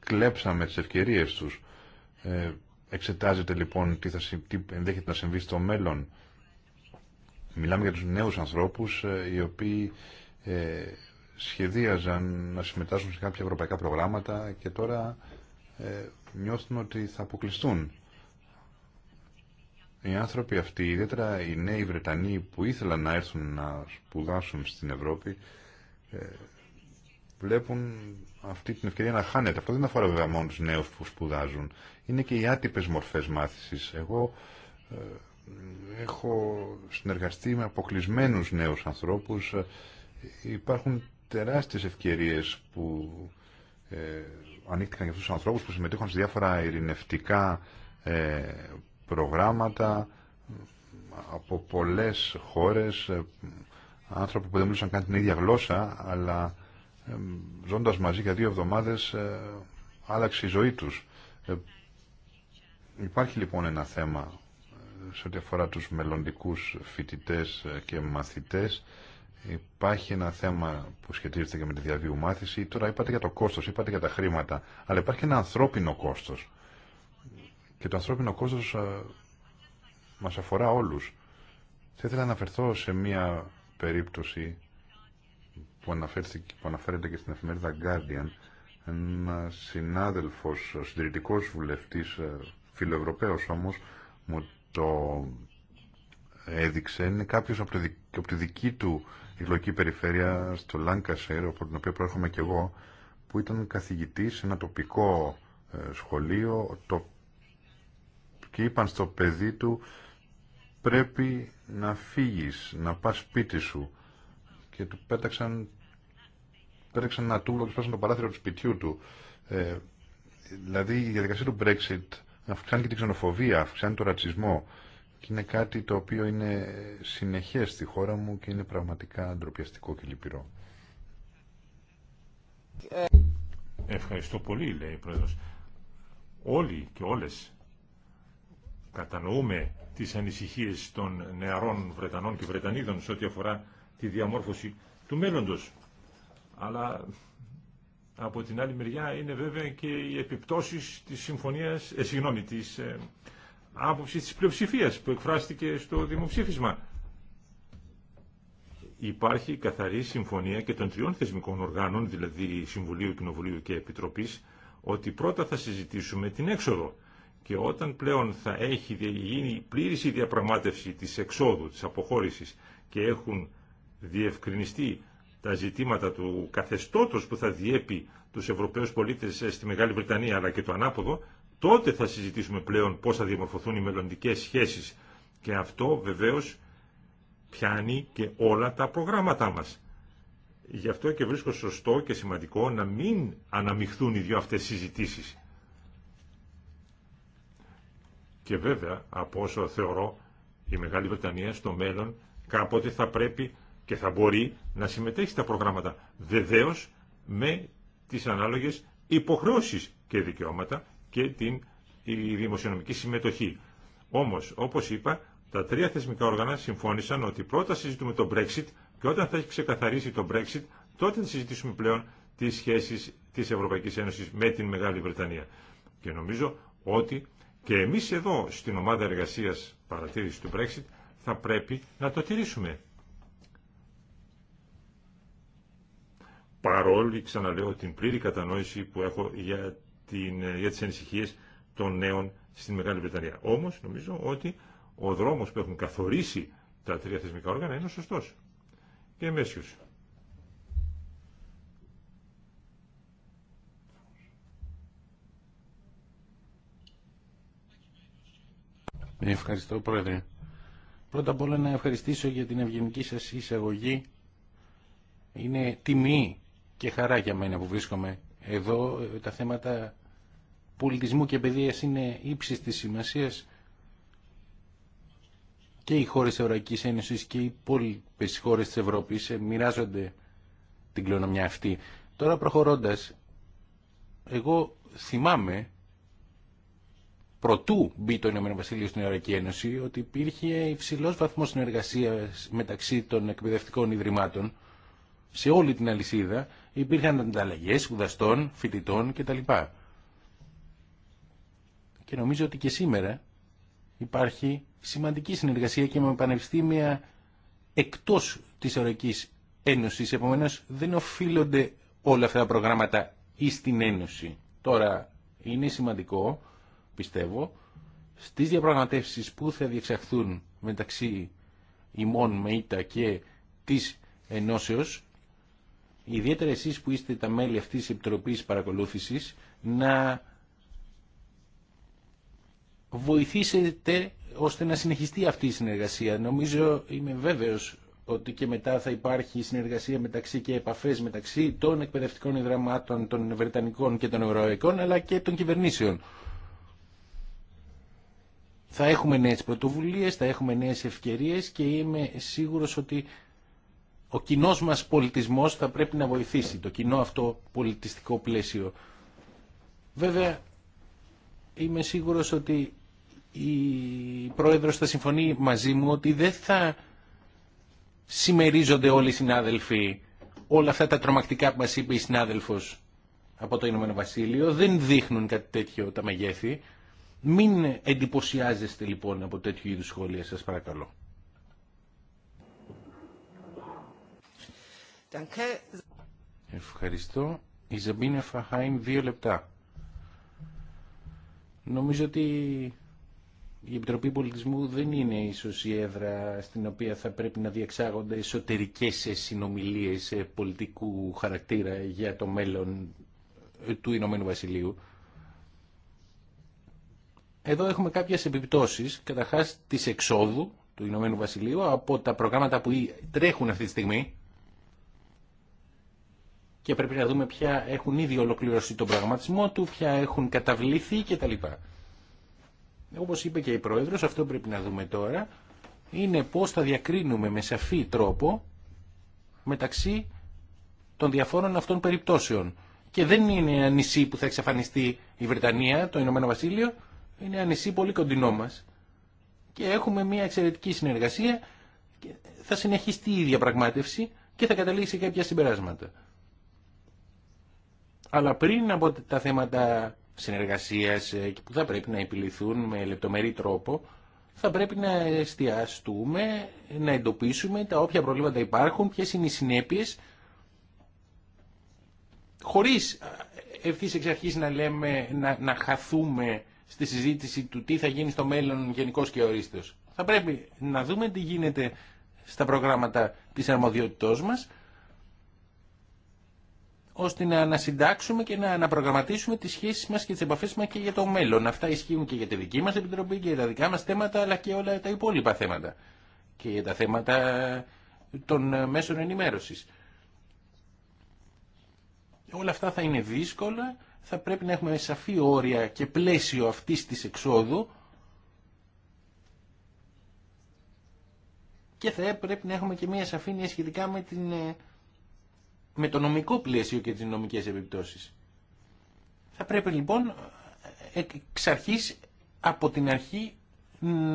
κλέψαμε τις ευκαιρίες τους. Ε, εξετάζεται λοιπόν τι, θα, τι ενδέχεται να συμβεί στο μέλλον. Μιλάμε για τους νέους ανθρώπους ε, οι οποίοι ε, σχεδίαζαν να συμμετάσχουν σε κάποια ευρωπαϊκά προγράμματα και τώρα ε, νιώθουν ότι θα αποκλειστούν. Οι άνθρωποι αυτοί, ιδιαίτερα οι νέοι Βρετανοί που ήθελαν να έρθουν να σπουδάσουν στην Ευρώπη, ε, βλέπουν αυτή την ευκαιρία να χάνεται. Αυτό δεν αφορά βέβαια μόνο του νέους που σπουδάζουν. Είναι και οι άτυπε μορφές μάθησης. Εγώ ε, έχω συνεργαστεί με αποκλεισμένους νέους ανθρώπους. Ε, υπάρχουν τεράστιε ευκαιρίε που ανοίχτηκαν για αυτού του ανθρώπου που συμμετείχαν σε διάφορα ειρηνευτικά ε, προγράμματα από πολλές χώρες, ε, άνθρωποι που δεν μιλούσαν καν την ίδια γλώσσα, αλλά ε, ζώντα μαζί για δύο εβδομάδες άλλαξε η ζωή τους. Υπάρχει λοιπόν ένα θέμα σε ό,τι αφορά τους μελλοντικούς φοιτητές και μαθητές Υπάρχει ένα θέμα που σχετίζεται και με τη διαβίου μάθηση. Τώρα είπατε για το κόστος, είπατε για τα χρήματα, αλλά υπάρχει ένα ανθρώπινο κόστος. Και το ανθρώπινο κόστος ε, μας αφορά όλους. Θα ήθελα να αναφερθώ σε μία περίπτωση που, που αναφέρεται και στην εφημερίδα Guardian, ένα συνάδελφος, συντηρητικός βουλευτής, ε, φιλοευρωπαίος όμως, μου το έδειξε, είναι κάποιος από, τη δική του η λογική περιφέρεια στο Λάνκασερ, από την οποία προέρχομαι και εγώ, που ήταν καθηγητή σε ένα τοπικό ε, σχολείο το... και είπαν στο παιδί του πρέπει να φύγεις, να πας σπίτι σου και του πέταξαν, πέταξαν ένα τούβλο και σπάσαν το παράθυρο του σπιτιού του. Ε, δηλαδή η διαδικασία του Brexit αυξάνει και την ξενοφοβία, αυξάνει τον ρατσισμό. Και είναι κάτι το οποίο είναι συνεχές στη χώρα μου και είναι πραγματικά ντροπιαστικό και λυπηρό. Ευχαριστώ πολύ, λέει η Πρόεδρος. Όλοι και όλες κατανοούμε τις ανησυχίες των νεαρών Βρετανών και Βρετανίδων σε ό,τι αφορά τη διαμόρφωση του μέλλοντος. Αλλά από την άλλη μεριά είναι βέβαια και οι επιπτώσεις της συμφωνίας, ε, της ε, άποψη της πλειοψηφίας που εκφράστηκε στο δημοψήφισμα. Υπάρχει καθαρή συμφωνία και των τριών θεσμικών οργάνων, δηλαδή Συμβουλίου, Κοινοβουλίου και Επιτροπής, ότι πρώτα θα συζητήσουμε την έξοδο και όταν πλέον θα έχει γίνει πλήρης η διαπραγμάτευση της εξόδου, της αποχώρησης και έχουν διευκρινιστεί τα ζητήματα του καθεστώτος που θα διέπει τους Ευρωπαίους πολίτες ε, στη Μεγάλη Βρετανία αλλά και το ανάποδο, τότε θα συζητήσουμε πλέον πώς θα διαμορφωθούν οι μελλοντικές σχέσεις. Και αυτό βεβαίως πιάνει και όλα τα προγράμματά μας. Γι' αυτό και βρίσκω σωστό και σημαντικό να μην αναμειχθούν οι δύο αυτές συζητήσεις. Και βέβαια, από όσο θεωρώ, η Μεγάλη Βρετανία στο μέλλον κάποτε θα πρέπει και θα μπορεί να συμμετέχει στα προγράμματα. Βεβαίω με τις ανάλογες υποχρεώσεις και δικαιώματα και την δημοσιονομική συμμετοχή. Όμω, όπως είπα, τα τρία θεσμικά όργανα συμφώνησαν ότι πρώτα συζητούμε το Brexit και όταν θα έχει ξεκαθαρίσει το Brexit, τότε θα συζητήσουμε πλέον τις σχέσεις της Ευρωπαϊκής Ένωσης με την Μεγάλη Βρετανία. Και νομίζω ότι και εμείς εδώ στην ομάδα εργασίας παρατήρηση του Brexit θα πρέπει να το τηρήσουμε. Παρόλοι, ξαναλέω, την πλήρη κατανόηση που έχω για την, ε, για τις ανησυχίες των νέων στην Μεγάλη Βρετανία. Όμως νομίζω ότι ο δρόμος που έχουν καθορίσει τα τρία θεσμικά όργανα είναι ο σωστός και μέσιος. Ευχαριστώ Πρόεδρε. Πρώτα απ' όλα να ευχαριστήσω για την ευγενική σας εισαγωγή. Είναι τιμή και χαρά για μένα που βρίσκομαι εδώ. Τα θέματα πολιτισμού και παιδείας είναι ύψης της σημασίας και οι χώρες της Ευρωπαϊκής Ένωσης και οι υπόλοιπε χώρες της Ευρώπης ε, μοιράζονται την κληρονομιά αυτή. Τώρα προχωρώντας, εγώ θυμάμαι προτού μπει το Ηνωμένο Βασίλειο στην Ευρωπαϊκή Ένωση ότι υπήρχε υψηλό βαθμό συνεργασία μεταξύ των εκπαιδευτικών ιδρυμάτων σε όλη την αλυσίδα. Υπήρχαν ανταλλαγέ σπουδαστών, φοιτητών κτλ και νομίζω ότι και σήμερα υπάρχει σημαντική συνεργασία και με πανεπιστήμια εκτός της Ευρωπαϊκής Ένωσης. Επομένως δεν οφείλονται όλα αυτά τα προγράμματα ή στην Ένωση. Τώρα είναι σημαντικό, πιστεύω, στις διαπραγματεύσεις που θα διεξαχθούν μεταξύ ημών με ΙΤΑ και της Ενώσεως, ιδιαίτερα εσείς που είστε τα μέλη αυτής της Επιτροπής Παρακολούθησης, να βοηθήσετε ώστε να συνεχιστεί αυτή η συνεργασία. Νομίζω είμαι βέβαιος ότι και μετά θα υπάρχει συνεργασία μεταξύ και επαφές μεταξύ των εκπαιδευτικών ιδραμάτων των Βρετανικών και των Ευρωπαϊκών αλλά και των κυβερνήσεων. Θα έχουμε νέες πρωτοβουλίες, θα έχουμε νέες ευκαιρίες και είμαι σίγουρος ότι ο κοινό μας πολιτισμός θα πρέπει να βοηθήσει το κοινό αυτό πολιτιστικό πλαίσιο. Βέβαια, είμαι σίγουρος ότι η Πρόεδρος θα συμφωνεί μαζί μου ότι δεν θα συμμερίζονται όλοι οι συνάδελφοι όλα αυτά τα τρομακτικά που μας είπε η συνάδελφος από το Ηνωμένο Βασίλειο. Δεν δείχνουν κάτι τέτοιο τα μεγέθη. Μην εντυπωσιάζεστε λοιπόν από τέτοιου είδους σχόλια σας παρακαλώ. Ευχαριστώ. Η Ζαμπίνα Φαχάιμ δύο λεπτά. Νομίζω ότι η Επιτροπή Πολιτισμού δεν είναι ίσως η έδρα στην οποία θα πρέπει να διεξάγονται εσωτερικές συνομιλίες πολιτικού χαρακτήρα για το μέλλον του Ηνωμένου Βασιλείου. Εδώ έχουμε κάποιες επιπτώσεις, καταρχάς της εξόδου του Ηνωμένου Βασιλείου από τα προγράμματα που τρέχουν αυτή τη στιγμή και πρέπει να δούμε ποια έχουν ήδη ολοκληρωθεί τον πραγματισμό του, ποια έχουν καταβληθεί κτλ. Όπως είπε και η Πρόεδρος, αυτό πρέπει να δούμε τώρα, είναι πώς θα διακρίνουμε με σαφή τρόπο μεταξύ των διαφόρων αυτών περιπτώσεων. Και δεν είναι ένα νησί που θα εξαφανιστεί η Βρετανία, το Ηνωμένο Βασίλειο, είναι ένα νησί πολύ κοντινό μας. Και έχουμε μια εξαιρετική συνεργασία, και θα συνεχιστεί η διαπραγμάτευση και θα καταλήξει κάποια συμπεράσματα. Αλλά πριν από τα θέματα συνεργασίας ε, και που θα πρέπει να επιληθούν με λεπτομερή τρόπο, θα πρέπει να εστιαστούμε, να εντοπίσουμε τα όποια προβλήματα υπάρχουν, ποιες είναι οι συνέπειες, χωρίς ε, ευθύς εξ αρχής να λέμε, να, χαθούμε στη συζήτηση του τι θα γίνει στο μέλλον γενικός και ορίστε. Θα πρέπει να δούμε τι γίνεται στα προγράμματα της αρμοδιότητός μας, ώστε να ανασυντάξουμε και να αναπρογραμματίσουμε τις σχέσεις μας και τις επαφές μας και για το μέλλον. Αυτά ισχύουν και για τη δική μας Επιτροπή και για τα δικά μας θέματα αλλά και όλα τα υπόλοιπα θέματα και για τα θέματα των μέσων ενημέρωσης. Όλα αυτά θα είναι δύσκολα, θα πρέπει να έχουμε σαφή όρια και πλαίσιο αυτής της εξόδου και θα πρέπει να έχουμε και μια σαφήνεια σχετικά με την ε, με το νομικό πλαίσιο και τις νομικές επιπτώσεις. Θα πρέπει λοιπόν εξ αρχής από την αρχή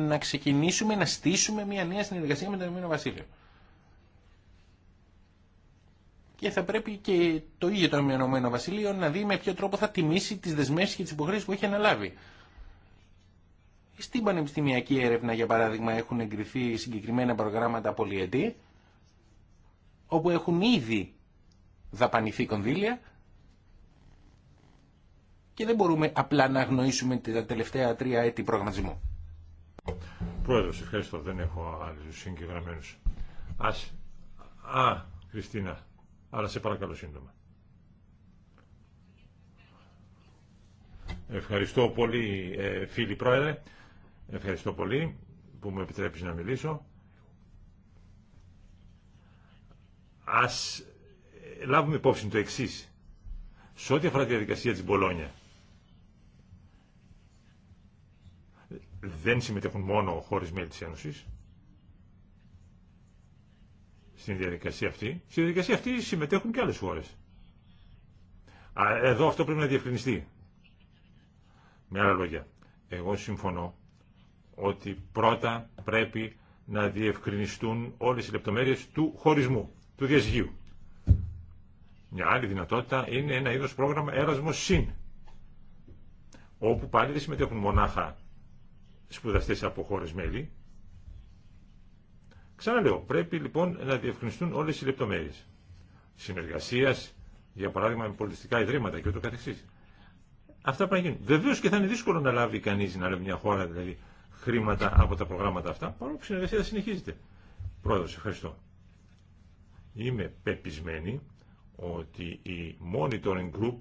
να ξεκινήσουμε να στήσουμε μια νέα συνεργασία με τον Ηνωμένο Βασίλειο. Και θα πρέπει και το ίδιο το Ηνωμένο Βασίλειο να δει με ποιο τρόπο θα τιμήσει τις δεσμεύσεις και τις υποχρέσεις που έχει αναλάβει. Στην πανεπιστημιακή έρευνα, για παράδειγμα, έχουν εγκριθεί συγκεκριμένα προγράμματα πολυετή, όπου έχουν ήδη δαπανηθεί κονδύλια και δεν μπορούμε απλά να αγνοήσουμε τα τελευταία τρία έτη προγραμματισμού. Πρόεδρο. ευχαριστώ. Δεν έχω άλλου συγκεκριμένου. Ας... Α, Κριστίνα, άρα σε παρακαλώ σύντομα. Ευχαριστώ πολύ, ε, φίλοι πρόεδρε. Ευχαριστώ πολύ που μου επιτρέπεις να μιλήσω. Ας λάβουμε υπόψη το εξή. Σε ό,τι αφορά τη διαδικασία της Μπολόνια, δεν συμμετέχουν μόνο χώρες μέλη της Ένωσης, στην διαδικασία αυτή. Στη διαδικασία αυτή συμμετέχουν και άλλες χώρες. Εδώ αυτό πρέπει να διευκρινιστεί. Με άλλα λόγια, εγώ συμφωνώ ότι πρώτα πρέπει να διευκρινιστούν όλες οι λεπτομέρειες του χωρισμού, του διαζυγίου. Μια άλλη δυνατότητα είναι ένα είδος πρόγραμμα έρασμος συν, όπου πάλι δεν συμμετέχουν μονάχα σπουδαστές από χώρε μέλη. Ξαναλέω, πρέπει λοιπόν να διευκρινιστούν όλες οι λεπτομέρειες συνεργασίας, για παράδειγμα με πολιτιστικά ιδρύματα και ούτω καθεξής. Αυτά πρέπει να γίνουν. Βεβαίω και θα είναι δύσκολο να λάβει κανεί, να λάβει μια χώρα δηλαδή, χρήματα από τα προγράμματα αυτά, παρόλο που η συνεργασία συνεχίζεται. Πρόεδρο, ευχαριστώ. Είμαι πεπισμένη ότι η monitoring group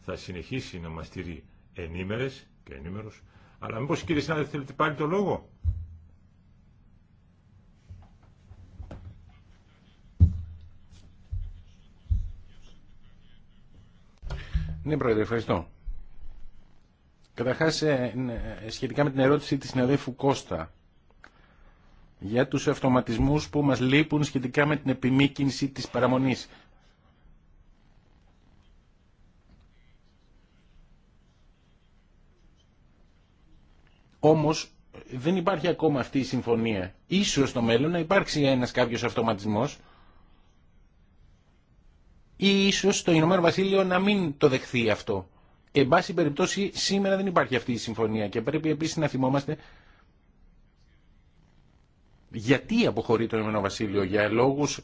θα συνεχίσει να μας στηρεί ενήμερες και ενήμερους. Αλλά μήπως κύριε συνάδελφε θέλετε πάλι το λόγο. Ναι, Πρόεδρε, ευχαριστώ. Καταρχά, ε, ναι, ε, σχετικά με την ερώτηση της συναδέλφου Κώστα για τους αυτοματισμούς που μας λείπουν σχετικά με την επιμήκυνση της παραμονής. Όμως δεν υπάρχει ακόμα αυτή η συμφωνία. Ίσως στο μέλλον να υπάρξει ένας κάποιος αυτοματισμός ή ίσως το Ηνωμένο Βασίλειο να μην το δεχθεί αυτό. Εν πάση περιπτώσει σήμερα δεν υπάρχει αυτή η συμφωνία και πρέπει επίσης να θυμόμαστε γιατί αποχωρεί το Ηνωμένο Βασίλειο για λόγους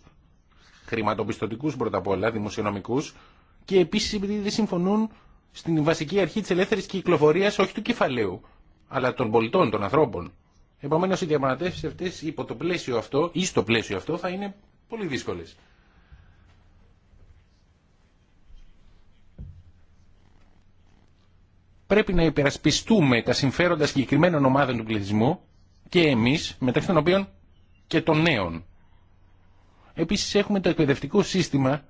χρηματοπιστωτικούς πρώτα απ' όλα, δημοσιονομικούς και επίσης επειδή δεν συμφωνούν στην βασική αρχή της ελεύθερης κυκλοφορίας όχι του κεφαλαίου αλλά των πολιτών, των ανθρώπων. Επομένω, οι διαπραγματεύσει αυτέ υπό το πλαίσιο αυτό ή στο πλαίσιο αυτό θα είναι πολύ δύσκολε. Πρέπει να υπερασπιστούμε τα συμφέροντα συγκεκριμένων ομάδων του πληθυσμού και εμείς, μεταξύ των οποίων και των νέων. Επίσης έχουμε το εκπαιδευτικό σύστημα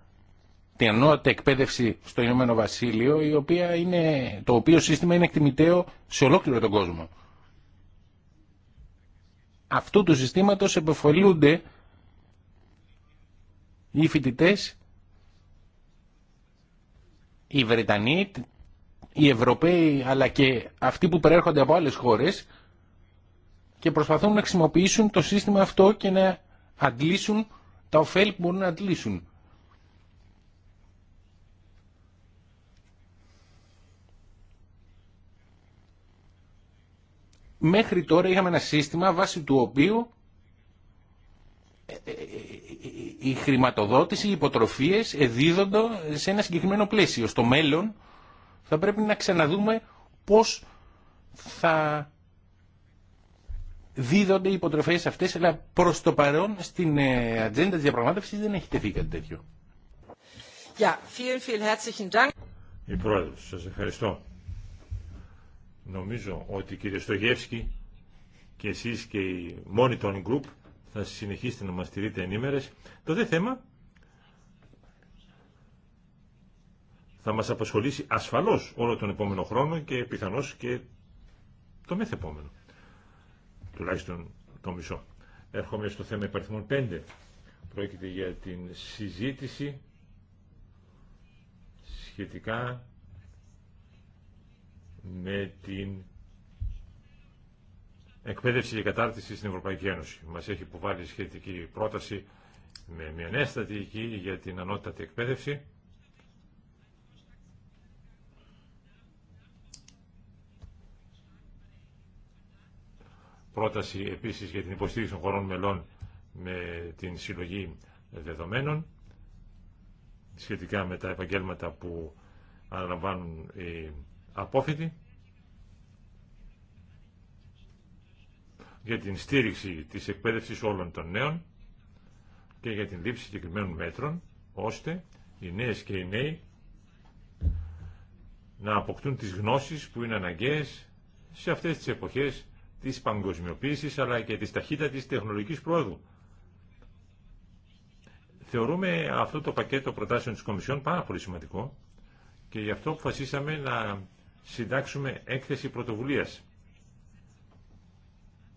την ανώτατη εκπαίδευση στο Ηνωμένο Βασίλειο, η οποία είναι, το οποίο σύστημα είναι εκτιμητέο σε ολόκληρο τον κόσμο. Αυτού του συστήματος επωφελούνται οι φοιτητέ, οι Βρετανοί, οι Ευρωπαίοι, αλλά και αυτοί που προέρχονται από άλλες χώρες και προσπαθούν να χρησιμοποιήσουν το σύστημα αυτό και να αντλήσουν τα ωφέλη που μπορούν να αντλήσουν. μέχρι τώρα είχαμε ένα σύστημα βάσει του οποίου ε, ε, ε, η χρηματοδότηση, οι υποτροφίες εδίδονται σε ένα συγκεκριμένο πλαίσιο. Στο μέλλον θα πρέπει να ξαναδούμε πώς θα δίδονται οι υποτροφίες αυτές, αλλά προς το παρόν στην ατζέντα της διαπραγμάτευσης δεν έχει τεθεί κάτι τέτοιο. vielen, vielen herzlichen Dank. ευχαριστώ. Νομίζω ότι κύριε Στογεύσκη και εσείς και η Monitoring Group θα συνεχίσετε να μας τηρείτε ενήμερες. Το δε θέμα θα μας απασχολήσει ασφαλώς όλο τον επόμενο χρόνο και πιθανώς και το μεθεπόμενο. Τουλάχιστον το μισό. Έρχομαι στο θέμα υπαριθμών 5. Πρόκειται για την συζήτηση σχετικά με την εκπαίδευση και κατάρτιση στην Ευρωπαϊκή Ένωση. Μας έχει υποβάλει σχετική πρόταση με νέα εκεί για την ανώτατη εκπαίδευση. Πρόταση επίσης για την υποστήριξη των χωρών μελών με την συλλογή δεδομένων σχετικά με τα επαγγέλματα που αναλαμβάνουν οι απόφητη για την στήριξη της εκπαίδευσης όλων των νέων και για την λήψη συγκεκριμένων μέτρων, ώστε οι νέες και οι νέοι να αποκτούν τις γνώσεις που είναι αναγκαίες σε αυτές τις εποχές της παγκοσμιοποίησης αλλά και της ταχύτατης τεχνολογικής πρόοδου. Θεωρούμε αυτό το πακέτο προτάσεων της Κομισιόν πάρα πολύ σημαντικό και γι' αυτό αποφασίσαμε να συντάξουμε έκθεση πρωτοβουλίας.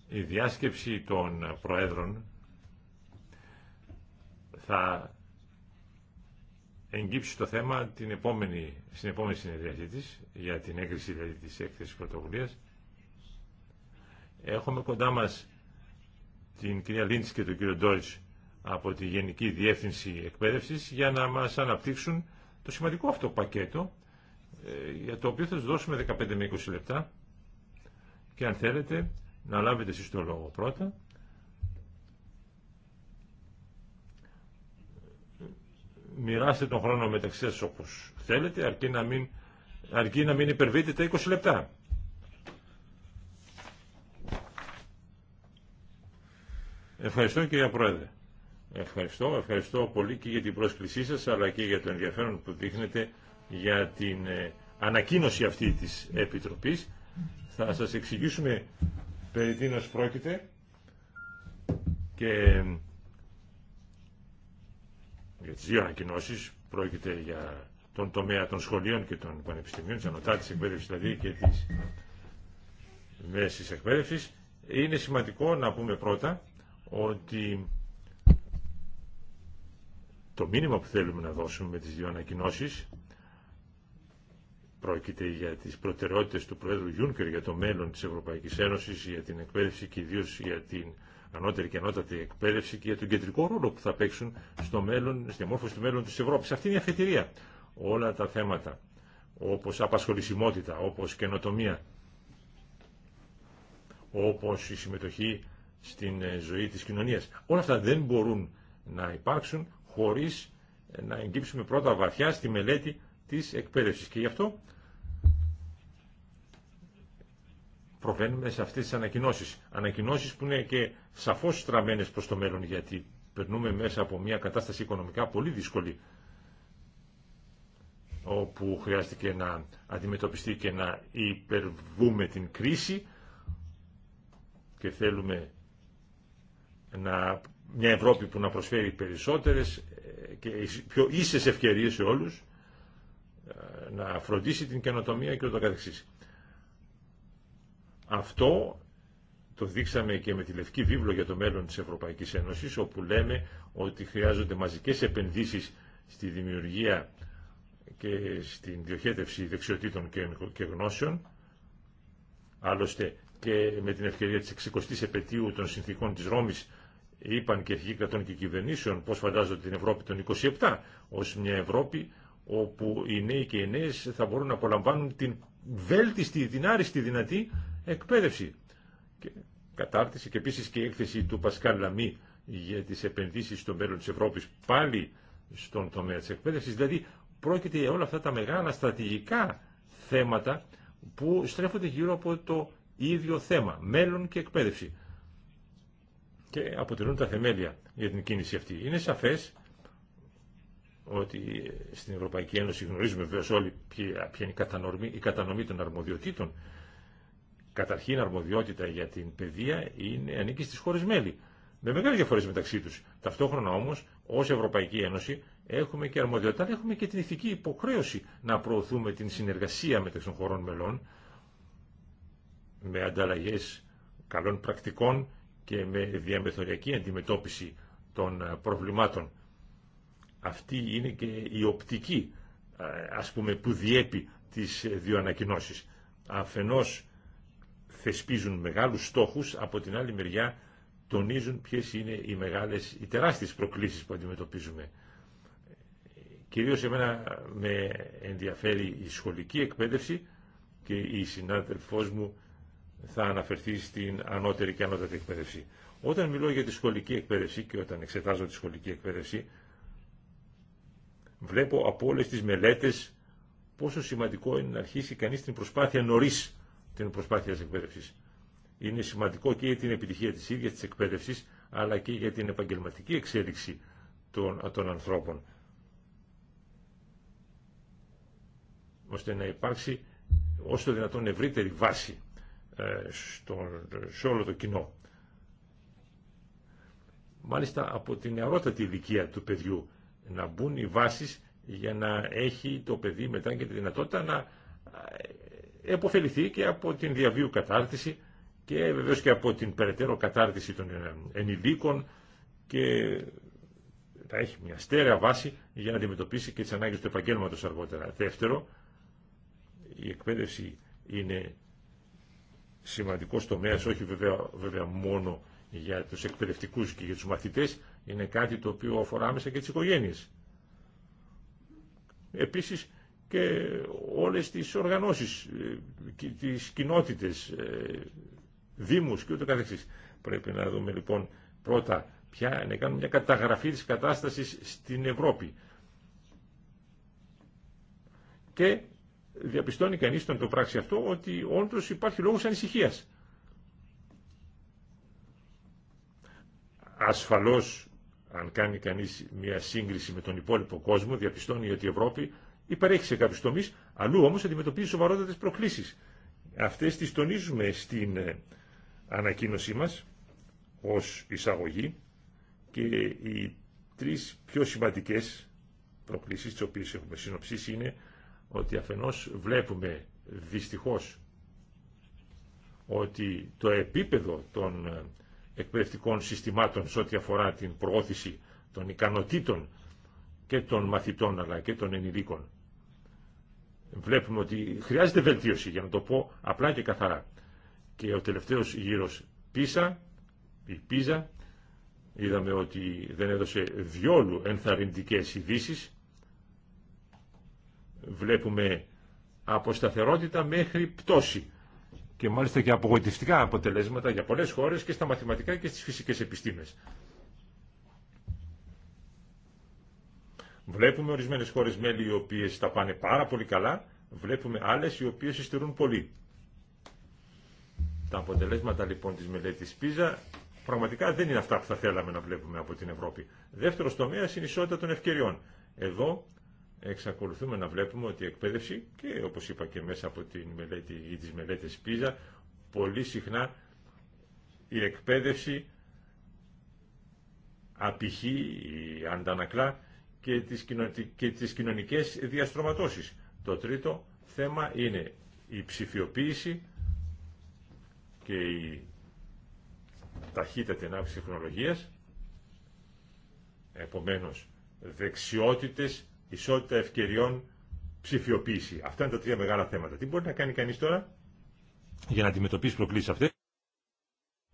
Η διάσκεψη των Προέδρων θα εγγύψει το θέμα την επόμενη, στην επόμενη συνεδρία της, για την έγκριση δηλαδή της έκθεσης πρωτοβουλίας. Έχουμε κοντά μας την κυρία Λίντς και τον κύριο Ντόριτς από τη Γενική Διεύθυνση Εκπαίδευσης για να μας αναπτύξουν το σημαντικό αυτό πακέτο ε, για το οποίο θα σας δώσουμε 15 με 20 λεπτά και αν θέλετε να λάβετε εσείς το λόγο πρώτα μοιράστε τον χρόνο μεταξύ σας όπως θέλετε αρκεί να μην, αρκεί να μην υπερβείτε τα 20 λεπτά Ευχαριστώ κυρία Πρόεδρε Ευχαριστώ, ευχαριστώ πολύ και για την πρόσκλησή σας αλλά και για το ενδιαφέρον που δείχνετε για την ε, ανακοίνωση αυτή της Επιτροπής. Θα σας εξηγήσουμε περί τίνος πρόκειται και ε, για τις δύο ανακοινώσει πρόκειται για τον τομέα των σχολείων και των πανεπιστημίων, της ανωτάτης εκπαίδευσης δηλαδή και της μέσης εκπαίδευσης. Είναι σημαντικό να πούμε πρώτα ότι το μήνυμα που θέλουμε να δώσουμε με τις δύο ανακοινώσει Πρόκειται για τις προτεραιότητες του Πρόεδρου Γιούνκερ για το μέλλον της Ευρωπαϊκής Ένωσης, για την εκπαίδευση και ιδίω για την ανώτερη και ανώτατη εκπαίδευση και για τον κεντρικό ρόλο που θα παίξουν στο μέλλον, στη μόρφωση του μέλλον της Ευρώπης. Αυτή είναι η αφετηρία. Όλα τα θέματα, όπως απασχολησιμότητα, όπως καινοτομία, όπως η συμμετοχή στην ε, ζωή της κοινωνίας. Όλα αυτά δεν μπορούν να υπάρξουν χωρίς ε, να εγκύψουμε πρώτα βαθιά στη μελέτη της εκπαίδευση. Και γι' αυτό προβαίνουμε σε αυτές τις ανακοινώσεις. Ανακοινώσεις που είναι και σαφώς στραμμένες προς το μέλλον γιατί περνούμε μέσα από μια κατάσταση οικονομικά πολύ δύσκολη όπου χρειάστηκε να αντιμετωπιστεί και να υπερβούμε την κρίση και θέλουμε να, μια Ευρώπη που να προσφέρει περισσότερες ε, και πιο ίσες ευκαιρίες σε όλους ε, να φροντίσει την καινοτομία και ούτω καθεξής. Αυτό το δείξαμε και με τη Λευκή Βίβλο για το μέλλον της Ευρωπαϊκής Ένωσης, όπου λέμε ότι χρειάζονται μαζικές επενδύσεις στη δημιουργία και στην διοχέτευση δεξιοτήτων και γνώσεων. Άλλωστε και με την ευκαιρία της 60ης επαιτίου των συνθήκων της Ρώμης είπαν και αρχή κρατών και κυβερνήσεων πώς φαντάζονται την Ευρώπη των 27 ως μια Ευρώπη όπου οι νέοι και οι νέες θα μπορούν να απολαμβάνουν την βέλτιστη, την άριστη δυνατή εκπαίδευση. Και κατάρτιση και επίσης και η έκθεση του Πασκάλ Λαμή για τις επενδύσεις στο μέλλον της Ευρώπης πάλι στον τομέα της εκπαίδευσης. Δηλαδή πρόκειται για όλα αυτά τα μεγάλα στρατηγικά θέματα που στρέφονται γύρω από το ίδιο θέμα, μέλλον και εκπαίδευση. Και αποτελούν τα θεμέλια για την κίνηση αυτή. Είναι σαφές ότι στην Ευρωπαϊκή Ένωση γνωρίζουμε βέβαια όλοι ποια είναι η κατανομή, η των αρμοδιοτήτων καταρχήν αρμοδιότητα για την παιδεία είναι, ανήκει στις χώρες μέλη. Με μεγάλες διαφορές μεταξύ τους. Ταυτόχρονα όμως, ως Ευρωπαϊκή Ένωση, έχουμε και αρμοδιότητα, αλλά έχουμε και την ηθική υποχρέωση να προωθούμε την συνεργασία μεταξύ των χωρών μελών, με ανταλλαγές καλών πρακτικών και με διαμεθοριακή αντιμετώπιση των ε, προβλημάτων. Αυτή είναι και η οπτική, ε, ας πούμε, που διέπει τις ε, δύο ανακοινώσεις. Αφενός θεσπίζουν μεγάλους στόχους, από την άλλη μεριά τονίζουν ποιες είναι οι μεγάλες, οι τεράστιες προκλήσεις που αντιμετωπίζουμε. Κυρίως εμένα με ενδιαφέρει η σχολική εκπαίδευση και η συνάδελφός μου θα αναφερθεί στην ανώτερη και ανώτατη εκπαίδευση. Όταν μιλώ για τη σχολική εκπαίδευση και όταν εξετάζω τη σχολική εκπαίδευση, βλέπω από όλες τις μελέτες πόσο σημαντικό είναι να αρχίσει κανείς την προσπάθεια νωρίς την προσπάθεια της εκπαίδευσης. Είναι σημαντικό και για την επιτυχία της ίδιας της εκπαίδευσης, αλλά και για την επαγγελματική εξέλιξη των, ανθρώπων. ώστε να υπάρξει όσο το δυνατόν ευρύτερη βάση ε, στο, σε όλο το κοινό. Μάλιστα από την νεαρότατη ηλικία του παιδιού να μπουν οι βάσεις για να έχει το παιδί μετά και τη δυνατότητα να εποφεληθεί και από την διαβίου κατάρτιση και βεβαίως και από την περαιτέρω κατάρτιση των ε, ενηλίκων και θα έχει μια στέρεα βάση για να αντιμετωπίσει και τις ανάγκες του επαγγέλματος αργότερα. Δεύτερο, η εκπαίδευση είναι σημαντικός τομέας, όχι βέβαια, βέβαια μόνο για τους εκπαιδευτικούς και για τους μαθητές, είναι κάτι το οποίο αφορά άμεσα και τις οικογένειες. Επίσης, και όλες τις οργανώσεις, ε, τις κοινότητες, ε, δήμους και ούτω καθεξής. Πρέπει να δούμε λοιπόν πρώτα πια να κάνουμε μια καταγραφή της κατάστασης στην Ευρώπη. Και διαπιστώνει κανείς τον το πράξει αυτό ότι όντως υπάρχει λόγος ανησυχίας. Ασφαλώς, αν κάνει κανείς μια σύγκριση με τον υπόλοιπο κόσμο, διαπιστώνει ότι η Ευρώπη υπαρέχει σε κάποιου τομεί, αλλού όμω αντιμετωπίζει σοβαρότατε προκλήσει. Αυτέ τι τονίζουμε στην ε, ανακοίνωσή μα ω εισαγωγή και οι τρει πιο σημαντικέ προκλήσει τι οποίε έχουμε συνοψίσει είναι ότι αφενός βλέπουμε δυστυχώ ότι το επίπεδο των ε, εκπαιδευτικών συστημάτων σε ό,τι αφορά την προώθηση των ικανοτήτων και των μαθητών αλλά και των ενηλίκων βλέπουμε ότι χρειάζεται βελτίωση, για να το πω απλά και καθαρά. Και ο τελευταίος γύρος πίσα, η πίζα, είδαμε ότι δεν έδωσε διόλου ενθαρρυντικές ειδήσει. Βλέπουμε σταθερότητα μέχρι πτώση και μάλιστα και απογοητευτικά αποτελέσματα για πολλές χώρες και στα μαθηματικά και στις φυσικές επιστήμες. Βλέπουμε ορισμένες χώρες μέλη οι οποίες τα πάνε πάρα πολύ καλά, βλέπουμε άλλες οι οποίες υστερούν πολύ. Τα αποτελέσματα λοιπόν της μελέτης PISA πραγματικά δεν είναι αυτά που θα θέλαμε να βλέπουμε από την Ευρώπη. Δεύτερο τομέα είναι η ισότητα των ευκαιριών. Εδώ εξακολουθούμε να βλέπουμε ότι η εκπαίδευση και όπως είπα και μέσα από την μελέτη ή τις μελέτες PISA πολύ συχνά η εκπαίδευση απηχεί ή αντανακλά και τις, και τις κοινωνικές διαστρωματώσεις. Το τρίτο θέμα είναι η ψηφιοποίηση και η ταχύτατη ανάπτυξη τεχνολογίας. Επομένως, δεξιότητες, ισότητα ευκαιριών, ψηφιοποίηση. Αυτά είναι τα τρία μεγάλα θέματα. Τι μπορεί να κάνει κανείς τώρα για να αντιμετωπίσει προκλήσεις αυτές.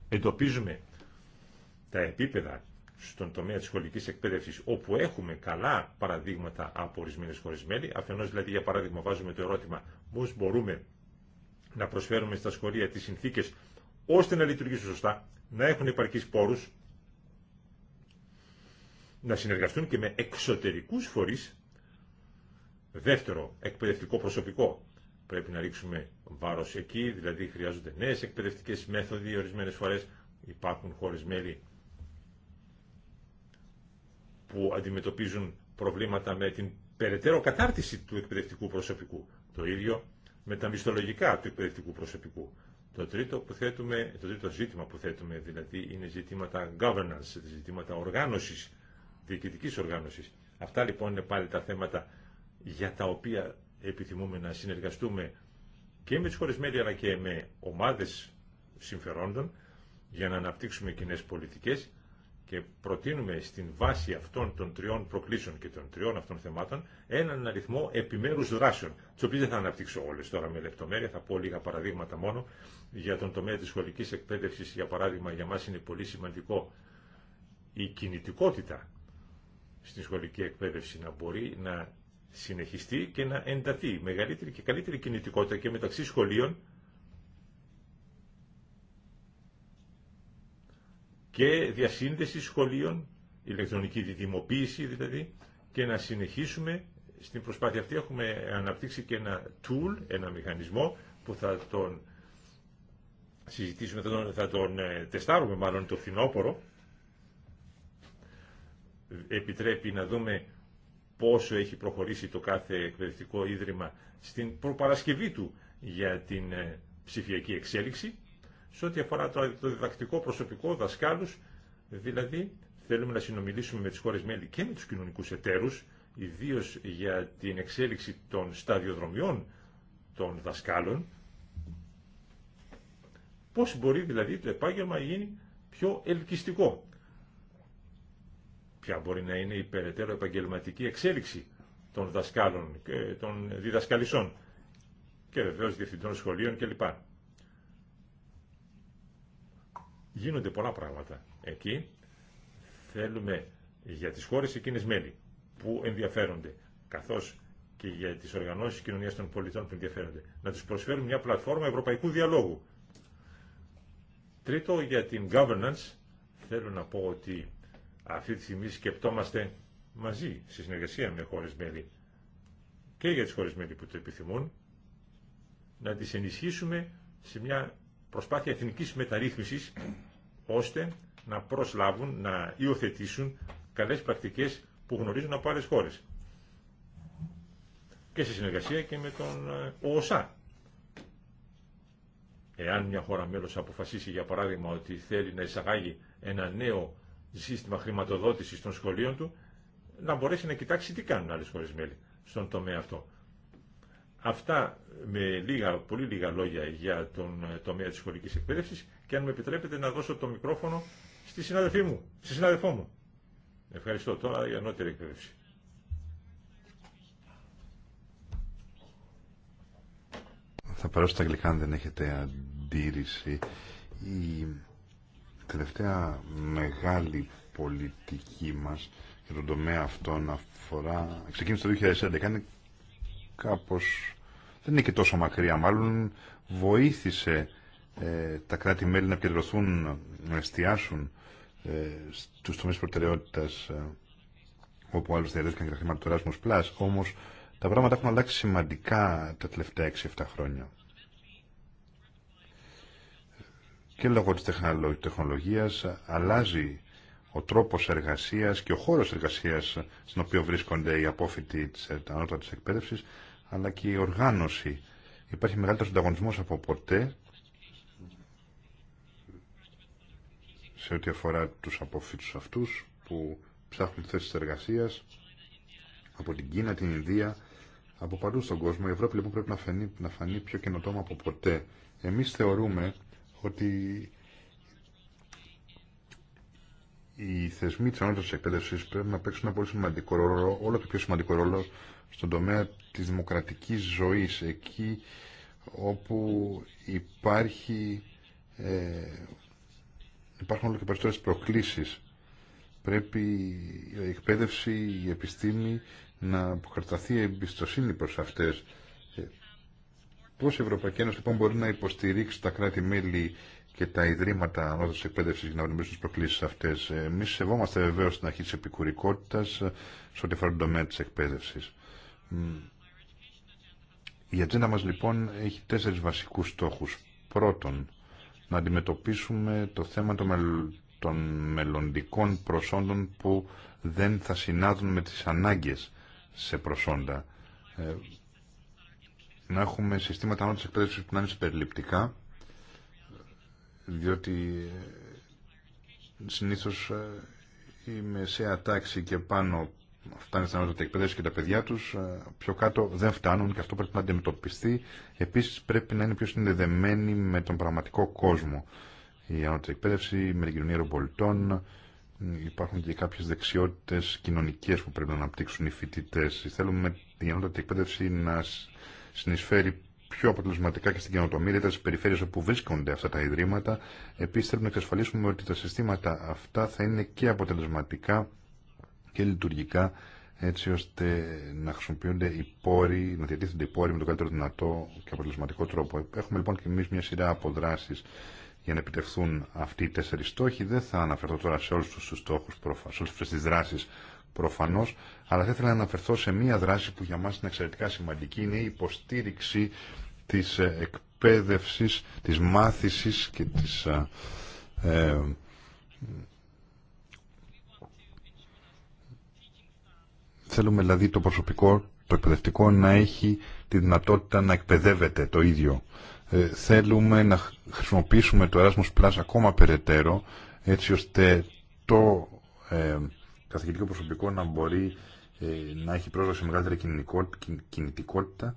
Εντοπίζουμε τα επίπεδα στον τομέα της σχολικής εκπαίδευσης, όπου έχουμε καλά παραδείγματα από ορισμένε χώρες μέλη, αφενός δηλαδή για παράδειγμα βάζουμε το ερώτημα πώς μπορούμε να προσφέρουμε στα σχολεία τις συνθήκες ώστε να λειτουργήσουν σωστά, να έχουν υπαρκείς πόρους, να συνεργαστούν και με εξωτερικούς φορείς, δεύτερο εκπαιδευτικό προσωπικό, πρέπει να ρίξουμε βάρος εκεί, δηλαδή χρειάζονται νέες εκπαιδευτικές μέθοδοι ορισμένες φορές, υπάρχουν χώρες μέλη που αντιμετωπίζουν προβλήματα με την περαιτέρω κατάρτιση του εκπαιδευτικού προσωπικού. Το ίδιο με τα μισθολογικά του εκπαιδευτικού προσωπικού. Το τρίτο, που θέτουμε, το τρίτο ζήτημα που θέτουμε δηλαδή είναι ζητήματα governance, ζητήματα οργάνωσης, διοικητικής οργάνωσης. Αυτά λοιπόν είναι πάλι τα θέματα για τα οποία επιθυμούμε να συνεργαστούμε και με τι μέλη αλλά και με ομάδε συμφερόντων για να αναπτύξουμε κοινέ πολιτικέ και προτείνουμε στην βάση αυτών των τριών προκλήσεων και των τριών αυτών θεμάτων έναν αριθμό επιμέρου δράσεων, τι οποίε δεν θα αναπτύξω όλε τώρα με λεπτομέρεια, θα πω λίγα παραδείγματα μόνο. Για τον τομέα τη σχολική εκπαίδευση, για παράδειγμα, για μα είναι πολύ σημαντικό η κινητικότητα στην σχολική εκπαίδευση να μπορεί να συνεχιστεί και να ενταθεί. Μεγαλύτερη και καλύτερη κινητικότητα και μεταξύ σχολείων και διασύνδεση σχολείων, ηλεκτρονική δημοποίηση δηλαδή, και να συνεχίσουμε στην προσπάθεια αυτή. Έχουμε αναπτύξει και ένα tool, ένα μηχανισμό που θα τον συζητήσουμε, θα τον, θα τον ε, τεστάρουμε μάλλον το φινόπορο. Επιτρέπει να δούμε πόσο έχει προχωρήσει το κάθε εκπαιδευτικό ίδρυμα στην προπαρασκευή του για την ε, ψηφιακή εξέλιξη σε ό,τι αφορά το, διδακτικό προσωπικό, δασκάλους, δηλαδή θέλουμε να συνομιλήσουμε με τις χώρες μέλη και με τους κοινωνικούς εταίρους, ιδίω για την εξέλιξη των σταδιοδρομιών των δασκάλων, πώς μπορεί δηλαδή το επάγγελμα να γίνει πιο ελκυστικό. Ποια μπορεί να είναι η περαιτέρω επαγγελματική εξέλιξη των δασκάλων και ε, των διδασκαλισών και βεβαίως διευθυντών σχολείων κλπ. Γίνονται πολλά πράγματα. Εκεί θέλουμε για τις χώρες εκείνες μέλη που ενδιαφέρονται, καθώς και για τις οργανώσεις κοινωνίας των πολιτών που ενδιαφέρονται, να τους προσφέρουν μια πλατφόρμα ευρωπαϊκού διαλόγου. Τρίτο, για την governance, θέλω να πω ότι αυτή τη στιγμή σκεπτόμαστε μαζί, σε συνεργασία με χώρες μέλη και για τις χώρες μέλη που το επιθυμούν, να τις ενισχύσουμε σε μια προσπάθεια εθνικής μεταρρύθμισης ώστε να προσλάβουν, να υιοθετήσουν καλές πρακτικές που γνωρίζουν από άλλες χώρες. Και σε συνεργασία και με τον ΟΟΣΑ. Ε, Εάν μια χώρα μέλος αποφασίσει για παράδειγμα ότι θέλει να εισαγάγει ένα νέο σύστημα χρηματοδότησης των σχολείων του, να μπορέσει να κοιτάξει τι κάνουν άλλες χώρες μέλη στον τομέα αυτό. Αυτά με λίγα, πολύ λίγα λόγια για τον ε, τομέα της σχολικής εκπαίδευσης και αν με επιτρέπετε να δώσω το μικρόφωνο στη συναδελφή μου, στη συναδελφό μου. Ευχαριστώ τώρα για ανώτερη εκπαίδευση. Θα περάσω στα αγγλικά αν δεν έχετε αντίρρηση. Η τελευταία μεγάλη πολιτική μας για τον τομέα αυτόν αφορά, ξεκίνησε το 2011, κάπως, δεν είναι και τόσο μακριά, μάλλον βοήθησε ε, τα κράτη-μέλη να επικεντρωθούν, να εστιάσουν ε, στους τομείς προτεραιότητας ε, όπου άλλους διαρρέθηκαν και τα χρήματα του Erasmus Plus, όμως τα πράγματα έχουν αλλάξει σημαντικά τα τελευταία 6-7 χρόνια. Και λόγω της τεχνολογίας αλλάζει ο τρόπος εργασίας και ο χώρος εργασίας στον οποίο βρίσκονται οι απόφοιτοι της ε, ανώτατης εκπαίδευσης αλλά και η οργάνωση. Υπάρχει μεγαλύτερος ανταγωνισμός από ποτέ σε ό,τι αφορά τους αποφύτους αυτούς που ψάχνουν θέσεις εργασίας από την Κίνα, την Ινδία, από παντού στον κόσμο. Η Ευρώπη λοιπόν πρέπει να φανεί, πιο καινοτόμα από ποτέ. Εμείς θεωρούμε ότι οι θεσμοί της ανώτατης εκπαίδευσης πρέπει να παίξουν ένα πολύ σημαντικό ρόλο, όλο και πιο σημαντικό ρόλο στον τομέα της δημοκρατικής ζωής εκεί όπου υπάρχει ε, υπάρχουν όλο και περισσότερες προκλήσεις πρέπει η εκπαίδευση, η επιστήμη να αποκαταθεί εμπιστοσύνη προς αυτές ε, πώς η Ευρωπαϊκή Ένωση λοιπόν μπορεί να υποστηρίξει τα κράτη-μέλη και τα ιδρύματα ανώτατη εκπαίδευση για να αντιμετωπίσουν τι προκλήσει αυτέ. Εμεί σεβόμαστε βεβαίω την αρχή τη επικουρικότητα σε ό,τι αφορά τον τομέα τη εκπαίδευση. Η ατζέντα μας λοιπόν έχει τέσσερις βασικούς στόχους. Πρώτον, να αντιμετωπίσουμε το θέμα των μελλοντικών προσόντων που δεν θα συνάδουν με τις ανάγκες σε προσόντα. Ε, να έχουμε συστήματα ανώτης εκπαίδευσης που να είναι συμπεριληπτικά, διότι ε, συνήθως η ε, μεσαία τάξη και πάνω φτάνει στην ανώτατη εκπαίδευση και τα παιδιά του ε, πιο κάτω δεν φτάνουν και αυτό πρέπει να αντιμετωπιστεί. Επίση πρέπει να είναι πιο συνδεδεμένοι με τον πραγματικό κόσμο. Η ανώτατη εκπαίδευση, με την κοινωνία των υπάρχουν και κάποιε δεξιότητε κοινωνικέ που πρέπει να αναπτύξουν οι φοιτητέ. Θέλουμε η ανώτατη εκπαίδευση να συνεισφέρει πιο αποτελεσματικά και στην καινοτομία, για στι περιφέρειε όπου βρίσκονται αυτά τα ιδρύματα. Επίση, θέλουμε να εξασφαλίσουμε ότι τα συστήματα αυτά θα είναι και αποτελεσματικά και λειτουργικά έτσι ώστε να χρησιμοποιούνται οι πόροι, να διατίθενται οι πόροι με τον καλύτερο δυνατό και αποτελεσματικό τρόπο. Έχουμε λοιπόν και εμεί μια σειρά δράσει για να επιτευχθούν αυτοί οι τέσσερι στόχοι. Δεν θα αναφερθώ τώρα σε όλου του στόχου, σε όλε τι δράσει προφανώ, αλλά θα ήθελα να αναφερθώ σε μια δράση που για μα είναι εξαιρετικά σημαντική. Είναι η υποστήριξη τη ε, εκπαίδευση, τη μάθηση και τη. Ε, ε Θέλουμε δηλαδή το προσωπικό, το εκπαιδευτικό να έχει τη δυνατότητα να εκπαιδεύεται το ίδιο. Ε, θέλουμε να χρησιμοποιήσουμε το Erasmus Plus ακόμα περαιτέρω έτσι ώστε το ε, καθηγητικό προσωπικό να μπορεί ε, να έχει πρόσβαση σε μεγαλύτερη κινητικότητα.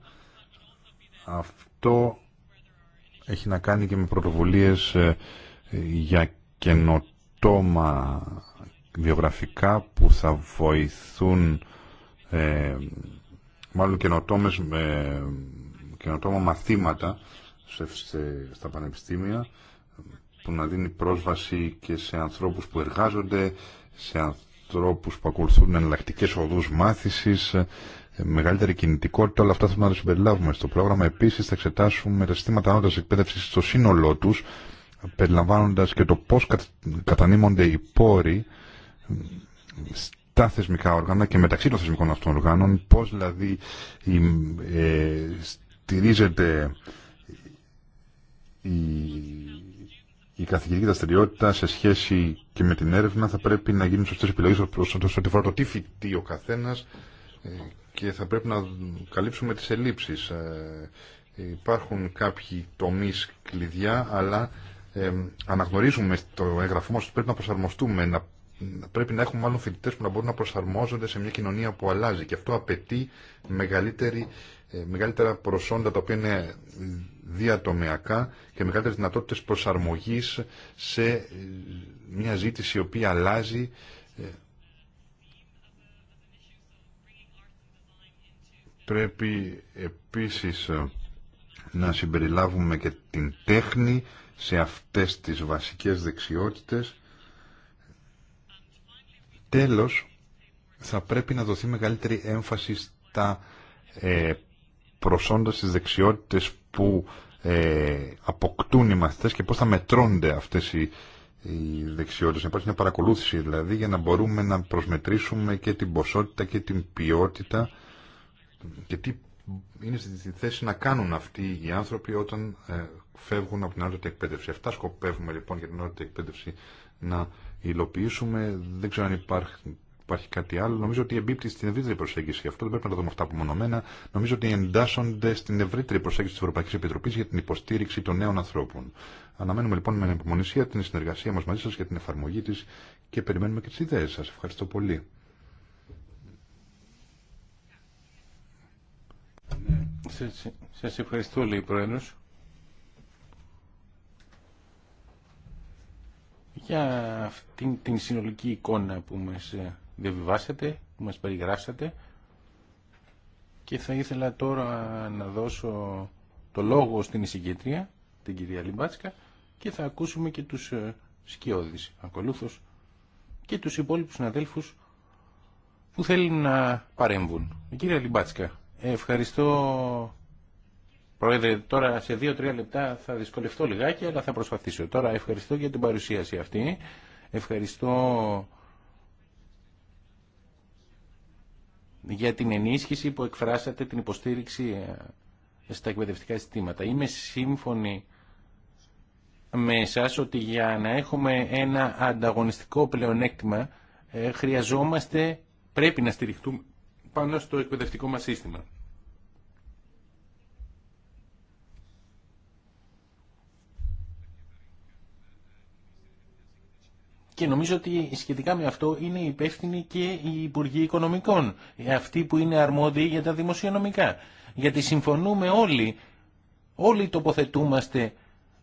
Αυτό έχει να κάνει και με πρωτοβουλίες για καινοτόμα βιογραφικά που θα βοηθούν ε, μάλλον καινοτόμες, ε, καινοτόμα μαθήματα σε, στα πανεπιστήμια που να δίνει πρόσβαση και σε ανθρώπους που εργάζονται, σε ανθρώπους που ακολουθούν εναλλακτικέ οδούς μάθησης, ε, μεγαλύτερη κινητικότητα, όλα αυτά θέλουμε να συμπεριλάβουμε στο πρόγραμμα. Επίσης θα εξετάσουμε τα συστήματα ανώτατη εκπαίδευσης στο σύνολό τους, περιλαμβάνοντας και το πώς κατανείμονται οι πόροι τα θεσμικά όργανα και μεταξύ των θεσμικών αυτών οργάνων, πώς δηλαδή η, ε, στηρίζεται η, η καθηγητική δραστηριότητα σε σχέση και με την έρευνα θα πρέπει να γίνουν σωστές επιλογές ό,τι φορά το τι φοιτεί ο καθένας ε, και θα πρέπει να καλύψουμε τις ελλείψεις. Ε, υπάρχουν κάποιοι τομείς κλειδιά, αλλά ε, αναγνωρίζουμε το έγγραφό μας ότι πρέπει να προσαρμοστούμε, να πρέπει να έχουμε μάλλον φοιτητέ που να μπορούν να προσαρμόζονται σε μια κοινωνία που αλλάζει. Και αυτό απαιτεί μεγαλύτερη, ε, μεγαλύτερα προσόντα τα οποία είναι διατομιακά και μεγαλύτερε δυνατότητε προσαρμογή σε ε, μια ζήτηση η οποία αλλάζει. Ε, πρέπει επίσης να συμπεριλάβουμε και την τέχνη σε αυτές τις βασικές δεξιότητες Τέλος, θα πρέπει να δοθεί μεγαλύτερη έμφαση στα ε, προσόντα στις δεξιότητες που ε, αποκτούν οι μαθητές και πώς θα μετρώνται αυτές οι, οι δεξιότητες. Να υπάρχει μια παρακολούθηση δηλαδή για να μπορούμε να προσμετρήσουμε και την ποσότητα και την ποιότητα και τι είναι στη θέση να κάνουν αυτοί οι άνθρωποι όταν ε, φεύγουν από την άλλη εκπαίδευση. Αυτά σκοπεύουμε λοιπόν για την άλλη εκπαίδευση να υλοποιήσουμε. Δεν ξέρω αν υπάρχει, κάτι άλλο. Νομίζω ότι εμπίπτει στην ευρύτερη προσέγγιση αυτό. Δεν πρέπει να το δούμε αυτά απομονωμένα. Νομίζω ότι εντάσσονται στην ευρύτερη προσέγγιση τη Ευρωπαϊκή Επιτροπή για την υποστήριξη των νέων ανθρώπων. Αναμένουμε λοιπόν με ανεπιμονησία την συνεργασία μα μαζί σα για την εφαρμογή τη και περιμένουμε και τι ιδέε σα. Ευχαριστώ πολύ. Σα ευχαριστώ, λέει η για αυτήν την συνολική εικόνα που μας ε, διαβιβάσατε, που μας περιγράψατε και θα ήθελα τώρα να δώσω το λόγο στην εισηγήτρια, την κυρία Λιμπάτσκα και θα ακούσουμε και τους ε, σκιώδεις ακολούθως και τους υπόλοιπους συναδέλφους που θέλουν να παρέμβουν. Κύριε κυρία Λιμπάτσκα, ευχαριστώ Πρόεδρε, τώρα σε δύο-τρία λεπτά θα δυσκολευτώ λιγάκι, αλλά θα προσπαθήσω. Τώρα ευχαριστώ για την παρουσίαση αυτή. Ευχαριστώ για την ενίσχυση που εκφράσατε την υποστήριξη ε, στα εκπαιδευτικά συστήματα. Είμαι σύμφωνη με εσάς ότι για να έχουμε ένα ανταγωνιστικό πλεονέκτημα ε, χρειαζόμαστε, πρέπει να στηριχτούμε πάνω στο εκπαιδευτικό μας σύστημα. Και νομίζω ότι σχετικά με αυτό είναι υπεύθυνοι και οι Υπουργοί Οικονομικών, αυτοί που είναι αρμόδιοι για τα δημοσιονομικά. Γιατί συμφωνούμε όλοι, όλοι τοποθετούμαστε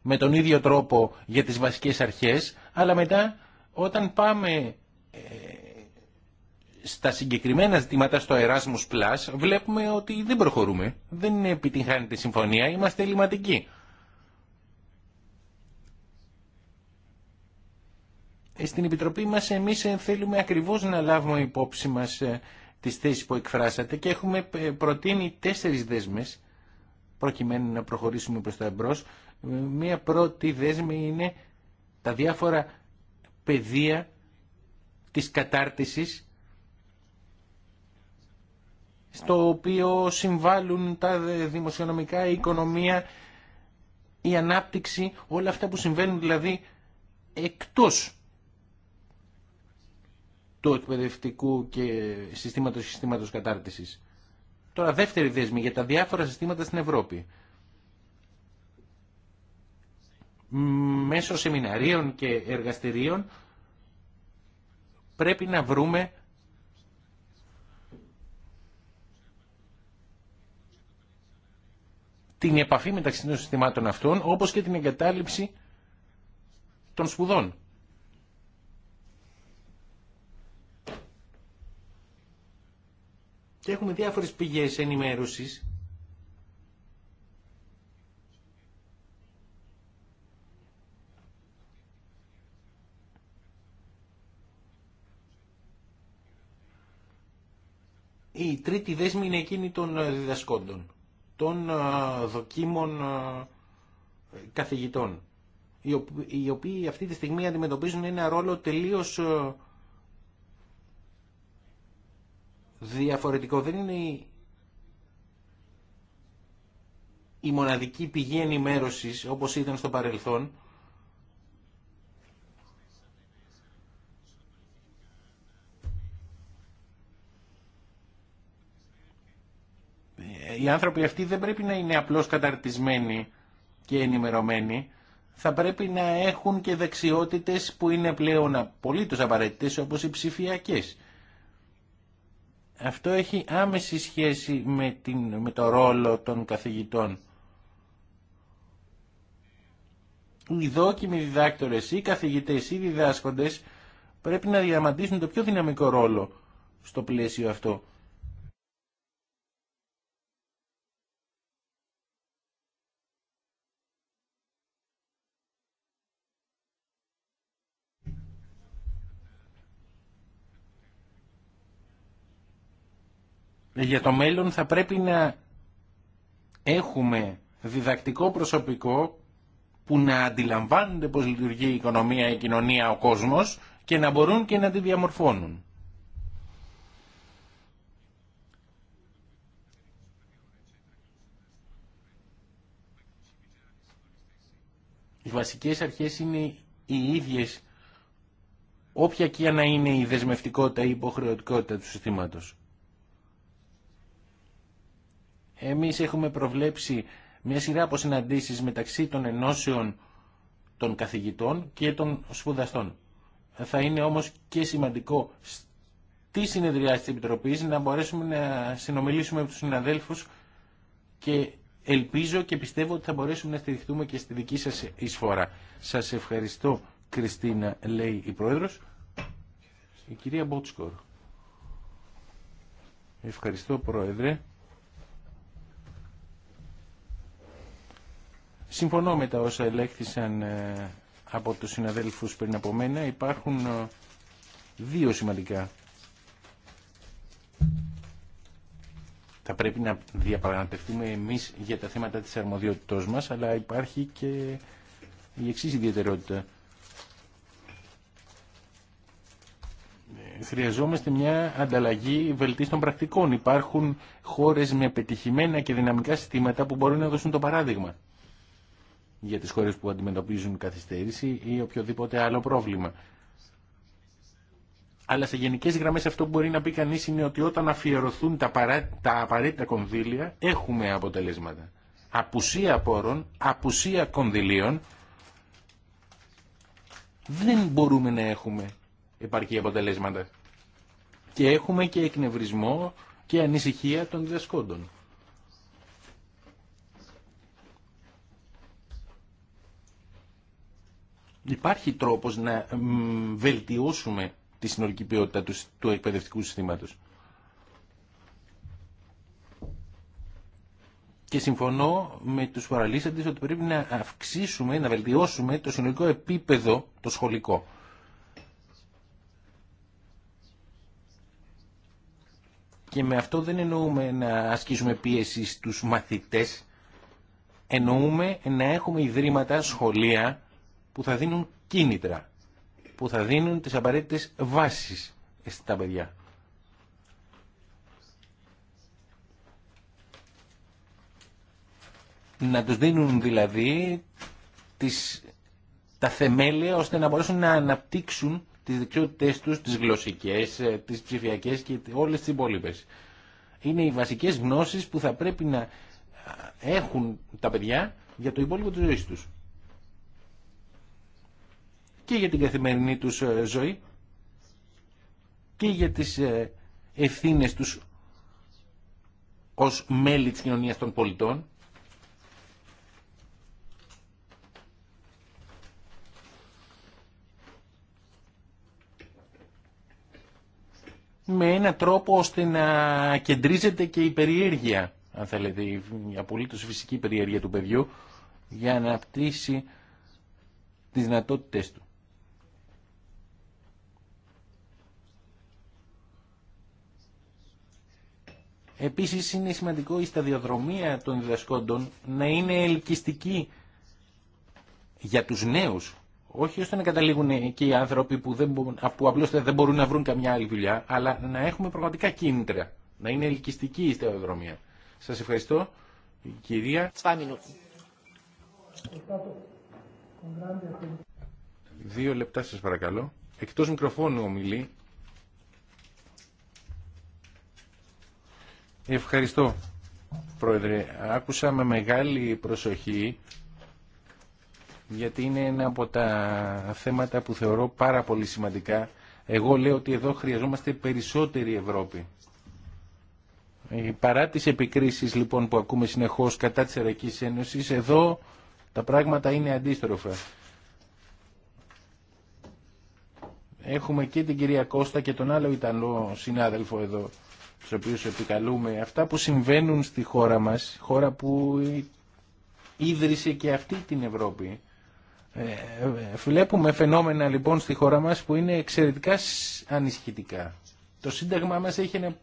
με τον ίδιο τρόπο για τις βασικές αρχές, αλλά μετά όταν πάμε ε, στα συγκεκριμένα ζητήματα στο Erasmus βλέπουμε ότι δεν προχωρούμε, δεν επιτυγχάνεται συμφωνία, είμαστε ελληματικοί. Στην Επιτροπή μας εμείς ε, θέλουμε ακριβώς να λάβουμε υπόψη μας ε, τις θέσεις που εκφράσατε και έχουμε ε, προτείνει τέσσερις δέσμες προκειμένου να προχωρήσουμε προς τα εμπρός. Μία πρώτη δέσμη είναι τα διάφορα πεδία της κατάρτισης στο οποίο συμβάλλουν τα δημοσιονομικά, η οικονομία, η ανάπτυξη, όλα αυτά που συμβαίνουν δηλαδή εκτός του εκπαιδευτικού και συστήματος, συστήματος κατάρτισης. Τώρα δεύτερη δέσμη για τα διάφορα συστήματα στην Ευρώπη. Μέσω σεμιναρίων και εργαστηρίων πρέπει να βρούμε την επαφή μεταξύ των συστημάτων αυτών, όπως και την εγκατάλειψη των σπουδών. και έχουμε διάφορες πηγές ενημέρωσης Η τρίτη δέσμη είναι εκείνη των ε, διδασκόντων, των ε, δοκίμων ε, καθηγητών, οι οποίοι αυτή τη στιγμή αντιμετωπίζουν ένα ρόλο τελείως διαφορετικό δεν είναι η μοναδική πηγή ενημέρωσης όπως ήταν στο παρελθόν ε, οι άνθρωποι αυτοί δεν πρέπει να είναι απλώς καταρτισμένοι και ενημερωμένοι θα πρέπει να έχουν και δεξιότητες που είναι πλέον απολύτως απαραίτητες όπως οι ψηφιακές αυτό έχει άμεση σχέση με, την, με το ρόλο των καθηγητών. Οι δόκιμοι διδάκτορες ή καθηγητές ή διδάσκοντες πρέπει να διαμαντήσουν το πιο δυναμικό ρόλο στο πλαίσιο αυτό. για το μέλλον θα πρέπει να έχουμε διδακτικό προσωπικό που να αντιλαμβάνονται πώς λειτουργεί η οικονομία, η κοινωνία, ο κόσμος και να μπορούν και να τη διαμορφώνουν. Οι βασικές αρχές είναι οι ίδιες όποια και να είναι η δεσμευτικότητα ή η υποχρεωτικότητα του συστήματος. Εμείς έχουμε προβλέψει μια σειρά από συναντήσεις μεταξύ των ενώσεων των καθηγητών και των σπουδαστών. Θα είναι όμως και σημαντικό στη συνεδριά της Επιτροπής να μπορέσουμε να συνομιλήσουμε με τους συναδέλφους και ελπίζω και πιστεύω ότι θα μπορέσουμε να στηριχτούμε και στη δική σας εισφορά. Σας ευχαριστώ Κριστίνα, λέει η Πρόεδρος. Η κυρία Μπότσκορ. Ευχαριστώ Πρόεδρε. Συμφωνώ με τα όσα ελέγχθησαν ε, από τους συναδέλφους πριν από μένα. Υπάρχουν ε, δύο σημαντικά. Θα πρέπει να διαπραγματευτούμε εμείς για τα θέματα της αρμοδιότητός μας, αλλά υπάρχει και η εξής ιδιαιτερότητα. χρειαζόμαστε μια ανταλλαγή βελτίστων πρακτικών. Υπάρχουν χώρες με πετυχημένα και δυναμικά συστήματα που μπορούν να δώσουν το παράδειγμα για τις χώρες που αντιμετωπίζουν καθυστέρηση ή οποιοδήποτε άλλο πρόβλημα. Αλλά σε γενικές γραμμές αυτό που μπορεί να πει κανείς είναι ότι όταν αφιερωθούν τα, τα απαραίτητα κονδύλια έχουμε αποτελέσματα. Απουσία πόρων, απουσία κονδυλίων δεν μπορούμε να έχουμε επαρκή αποτελέσματα. Και έχουμε και εκνευρισμό και ανησυχία των διδασκόντων. υπάρχει τρόπος να βελτιώσουμε τη συνολική ποιότητα του, του εκπαιδευτικού συστήματος. Και συμφωνώ με τους παραλύσαντες ότι πρέπει να αυξήσουμε, να βελτιώσουμε το συνολικό επίπεδο το σχολικό. Και με αυτό δεν εννοούμε να ασκήσουμε πίεση στους μαθητές, εννοούμε να έχουμε ιδρύματα, σχολεία, που θα δίνουν κίνητρα, που θα δίνουν τις απαραίτητες βάσεις στα παιδιά. Να τους δίνουν δηλαδή τις, τα θεμέλια ώστε να μπορέσουν να αναπτύξουν τις δεξιότητες τους, τις γλωσσικές, ε, τις ψηφιακές και όλες τις υπόλοιπε. Είναι οι βασικές γνώσεις που θα πρέπει να ε, έχουν τα παιδιά για το υπόλοιπο της ζωής τους και για την καθημερινή τους ε, ζωή και για τις ε, ευθύνες τους ως μέλη της κοινωνίας των πολιτών. με έναν τρόπο ώστε να κεντρίζεται και η περιέργεια, αν θέλετε, η απολύτως φυσική περιέργεια του παιδιού, για να πτήσει τις δυνατότητες του. Επίση είναι σημαντικό η σταδιοδρομία των διδασκόντων να είναι ελκυστική για του νέου, Όχι ώστε να καταλήγουν και οι άνθρωποι που, που απλώς δεν μπορούν να βρουν καμιά άλλη δουλειά, αλλά να έχουμε πραγματικά κίνητρα. Να είναι ελκυστική η σταδιοδρομία. Σας ευχαριστώ. Κυρία. Δύο λεπτά σας παρακαλώ. Εκτός μικροφώνου ομιλεί Ευχαριστώ, Πρόεδρε. Άκουσα με μεγάλη προσοχή γιατί είναι ένα από τα θέματα που θεωρώ πάρα πολύ σημαντικά. Εγώ λέω ότι εδώ χρειαζόμαστε περισσότερη Ευρώπη. Ε, παρά τις επικρίσεις λοιπόν που ακούμε συνεχώς κατά της Ευρωπαϊκής Ένωσης, εδώ τα πράγματα είναι αντίστροφα. Έχουμε και την κυρία Κώστα και τον άλλο Ιταλό συνάδελφο εδώ τους οποίους επικαλούμε, αυτά που συμβαίνουν στη χώρα μας, χώρα που ίδρυσε και αυτή την Ευρώπη. Ε, ε, βλέπουμε φαινόμενα λοιπόν στη χώρα μας που είναι εξαιρετικά ανισχυτικά. Το Σύνταγμα μας έχει ένα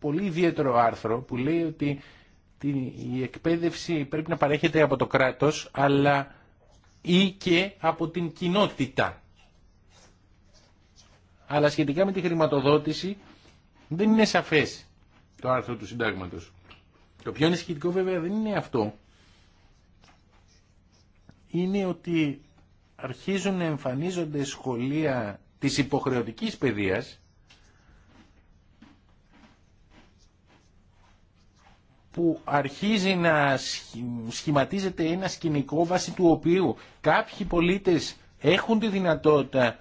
πολύ ιδιαίτερο άρθρο που λέει ότι η εκπαίδευση πρέπει να παρέχεται από το κράτος αλλά ή και από την κοινότητα. Αλλά σχετικά με τη χρηματοδότηση δεν είναι σαφές το άρθρο του συντάγματος. Το πιο ενισχυτικό βέβαια δεν είναι αυτό. Είναι ότι αρχίζουν να εμφανίζονται σχολεία της υποχρεωτικής παιδείας που αρχίζει να σχηματίζεται ένα σκηνικό βάση του οποίου κάποιοι πολίτες έχουν τη δυνατότητα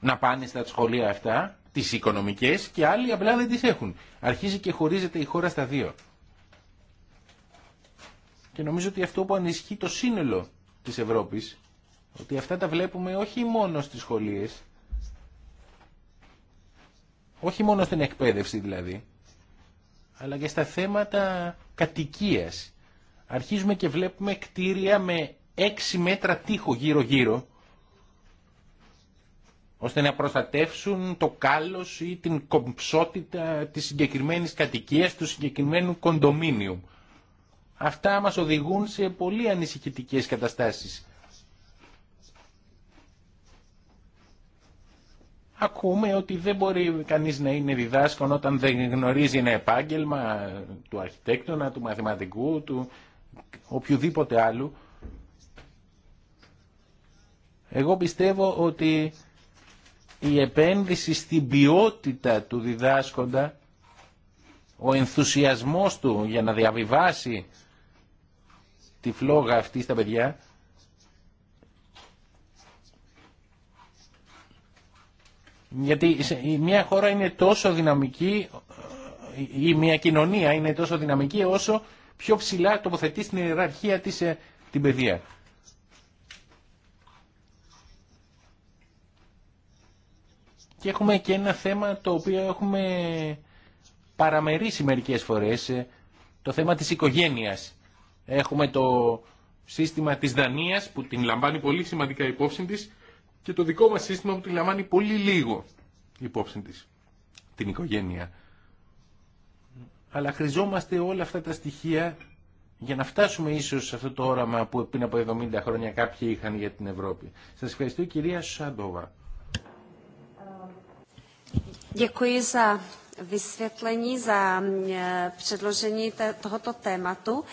να πάνε στα σχολεία αυτά τις οικονομικές και άλλοι απλά δεν τις έχουν. Αρχίζει και χωρίζεται η χώρα στα δύο. Και νομίζω ότι αυτό που ανισχύει το σύνολο της Ευρώπης, ότι αυτά τα βλέπουμε όχι μόνο στις σχολείες, όχι μόνο στην εκπαίδευση δηλαδή, αλλά και στα θέματα κατοικίας. Αρχίζουμε και βλέπουμε κτίρια με εξι μέτρα τείχο γύρω-γύρω, ώστε να προστατεύσουν το κάλος ή την κομψότητα της συγκεκριμένης κατοικίας του συγκεκριμένου κοντομίνιου. Αυτά μας οδηγούν σε πολύ ανησυχητικές καταστάσεις. Ακούμε ότι δεν μπορεί κανείς να είναι διδάσκον όταν δεν γνωρίζει ένα επάγγελμα του αρχιτέκτονα, του μαθηματικού, του οποιοδήποτε άλλου. Εγώ πιστεύω ότι η επένδυση στην ποιότητα του διδάσκοντα, ο ενθουσιασμός του για να διαβιβάσει τη φλόγα αυτή στα παιδιά, γιατί μια χώρα είναι τόσο δυναμική ή μια κοινωνία είναι τόσο δυναμική όσο πιο ψηλά τοποθετεί στην ιεραρχία της ε, την παιδεία. Και έχουμε και ένα θέμα το οποίο έχουμε παραμερίσει μερικές φορές, ε, το θέμα της οικογένειας. Έχουμε το σύστημα της Δανίας που την λαμβάνει πολύ σημαντικά υπόψη της και το δικό μας σύστημα που την λαμβάνει πολύ λίγο υπόψη της, την οικογένεια. Αλλά χρειαζόμαστε όλα αυτά τα στοιχεία για να φτάσουμε ίσως σε αυτό το όραμα που πριν από 70 χρόνια κάποιοι είχαν για την Ευρώπη. Σας ευχαριστώ κυρία Σάντοβα. Děkuji za vysvětlení, za e, předložení tohoto tématu.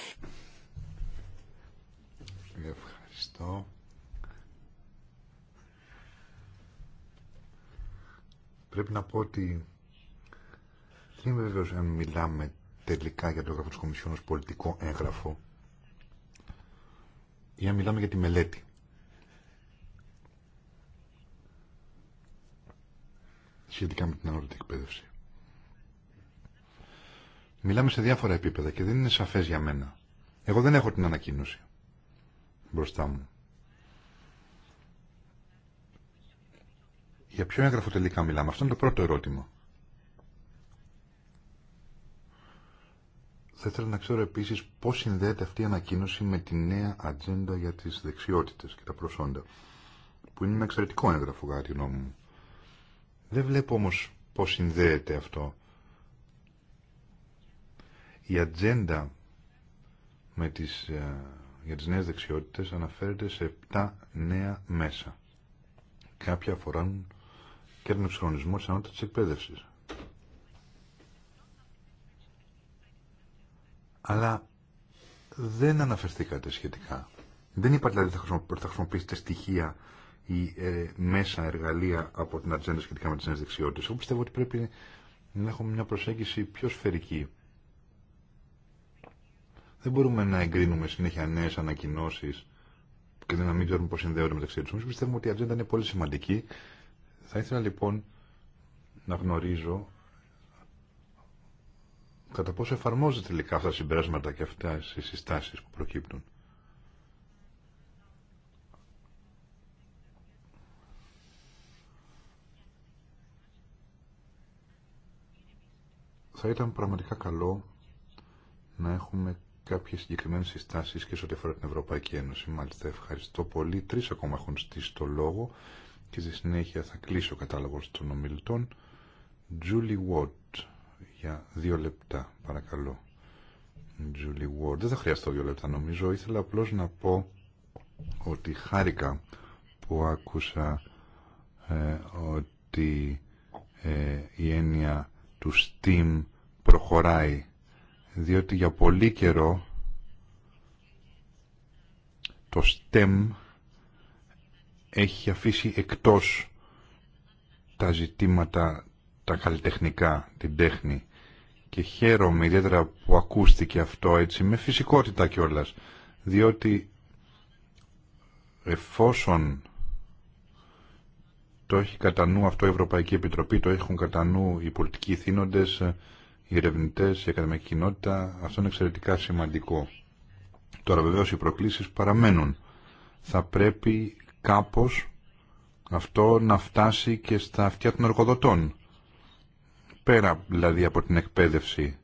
Ευχαριστώ. Πρέπει να πω ότι δεν είμαι βέβαιος αν μιλάμε τελικά για το έγγραφο της Κομισιόν ως πολιτικό έγγραφο ή αν μιλάμε για τη μελέτη. σχετικά με την αόρατη εκπαίδευση. Μιλάμε σε διάφορα επίπεδα και δεν είναι σαφές για μένα. Εγώ δεν έχω την ανακοίνωση μπροστά μου. Για ποιο έγγραφο τελικά μιλάμε. Αυτό είναι το πρώτο ερώτημα. Θα ήθελα να ξέρω επίσης πώς συνδέεται αυτή η ανακοίνωση με τη νέα ατζέντα για τις δεξιότητες και τα προσόντα, που είναι ένα εξαιρετικό έγγραφο κατά τη γνώμη μου. Δεν βλέπω όμως πώς συνδέεται αυτό. Η ατζέντα με τις, ε, για τις νέες δεξιότητες αναφέρεται σε 7 νέα μέσα. Κάποια αφορούν και τον εξοχρονισμό της ανώτατης εκπαίδευσης. Αλλά δεν αναφερθήκατε σχετικά. Δεν είπατε δηλαδή θα χρησιμοποιήσετε στοιχεία ή ε, μέσα εργαλεία από την ατζέντα σχετικά με τις νέες δεξιότητες. Εγώ πιστεύω ότι πρέπει να έχουμε μια προσέγγιση πιο σφαιρική. Δεν μπορούμε να εγκρίνουμε συνέχεια νέε ανακοινώσει και να μην ξέρουμε πώ συνδέονται μεταξύ του. πιστεύουμε ότι η ατζέντα είναι πολύ σημαντική. Θα ήθελα λοιπόν να γνωρίζω κατά πόσο εφαρμόζεται τελικά αυτά τα συμπεράσματα και αυτά οι συστάσει που προκύπτουν. Θα ήταν πραγματικά καλό να έχουμε κάποιες συγκεκριμένες συστάσεις και σε ό,τι αφορά την Ευρωπαϊκή Ένωση. Μάλιστα, ευχαριστώ πολύ. Τρεις ακόμα έχουν στήσει το λόγο και στη συνέχεια θα κλείσει ο κατάλογος των ομιλητών. Julie Watt, για δύο λεπτά, παρακαλώ. Julie Ward. Δεν θα χρειαστώ δύο λεπτά νομίζω. Ήθελα απλώς να πω ότι χάρηκα που άκουσα ε, ότι ε, η έννοια του STEAM προχωράει, διότι για πολύ καιρό το STEM έχει αφήσει εκτός τα ζητήματα τα καλλιτεχνικά, την τέχνη και χαίρομαι ιδιαίτερα που ακούστηκε αυτό έτσι με φυσικότητα κιόλας διότι εφόσον το έχει κατά νου αυτό η Ευρωπαϊκή Επιτροπή, το έχουν κατά νου οι πολιτικοί θύνοντες, οι ερευνητέ, η ακαδημαϊκή κοινότητα, αυτό είναι εξαιρετικά σημαντικό. Τώρα βεβαίω οι προκλήσεις παραμένουν. Θα πρέπει κάπως αυτό να φτάσει και στα αυτιά των εργοδοτών. Πέρα δηλαδή από την εκπαίδευση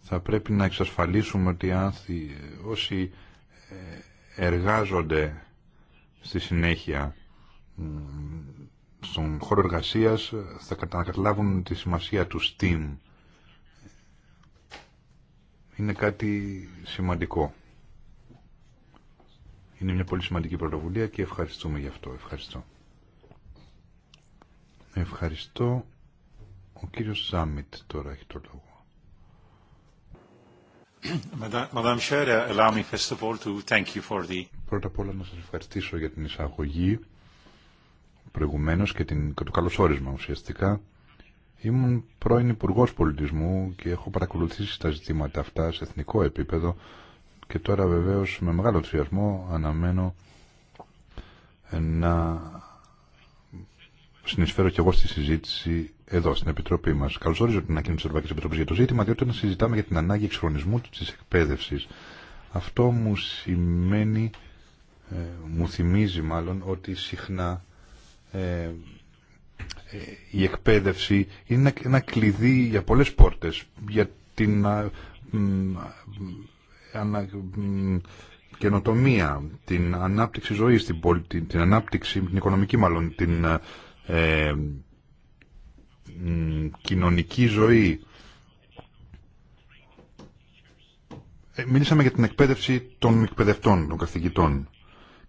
θα πρέπει να εξασφαλίσουμε ότι όσοι ε, εργάζονται στη συνέχεια στον χώρο εργασίας θα καταλάβουν τη σημασία του STEAM είναι κάτι σημαντικό. Είναι μια πολύ σημαντική πρωτοβουλία και ευχαριστούμε γι' αυτό. Ευχαριστώ. Ευχαριστώ. Ο κύριος Ζάμιτ τώρα έχει το λόγο. Πρώτα απ' όλα να σας ευχαριστήσω για την εισαγωγή προηγουμένως και την, το καλωσόρισμα ουσιαστικά. Ήμουν πρώην Υπουργό Πολιτισμού και έχω παρακολουθήσει τα ζητήματα αυτά σε εθνικό επίπεδο και τώρα βεβαίως με μεγάλο ενθουσιασμό αναμένω να συνεισφέρω και εγώ στη συζήτηση εδώ στην Επιτροπή μα. ορίζω την ανακοίνωση τη Ευρωπαϊκή Επιτροπή για το ζήτημα, διότι όταν συζητάμε για την ανάγκη εξχρονισμού τη εκπαίδευση, αυτό μου σημαίνει, ε, μου θυμίζει μάλλον, ότι συχνά ε, η εκπαίδευση είναι ένα κλειδί για πολλές πόρτες, για την καινοτομία, την ανάπτυξη ζωής, την, την, ανάπτυξη, την οικονομική μάλλον, την ε, κοινωνική ζωή. Ε, μίλησαμε για την εκπαίδευση των εκπαιδευτών, των καθηγητών.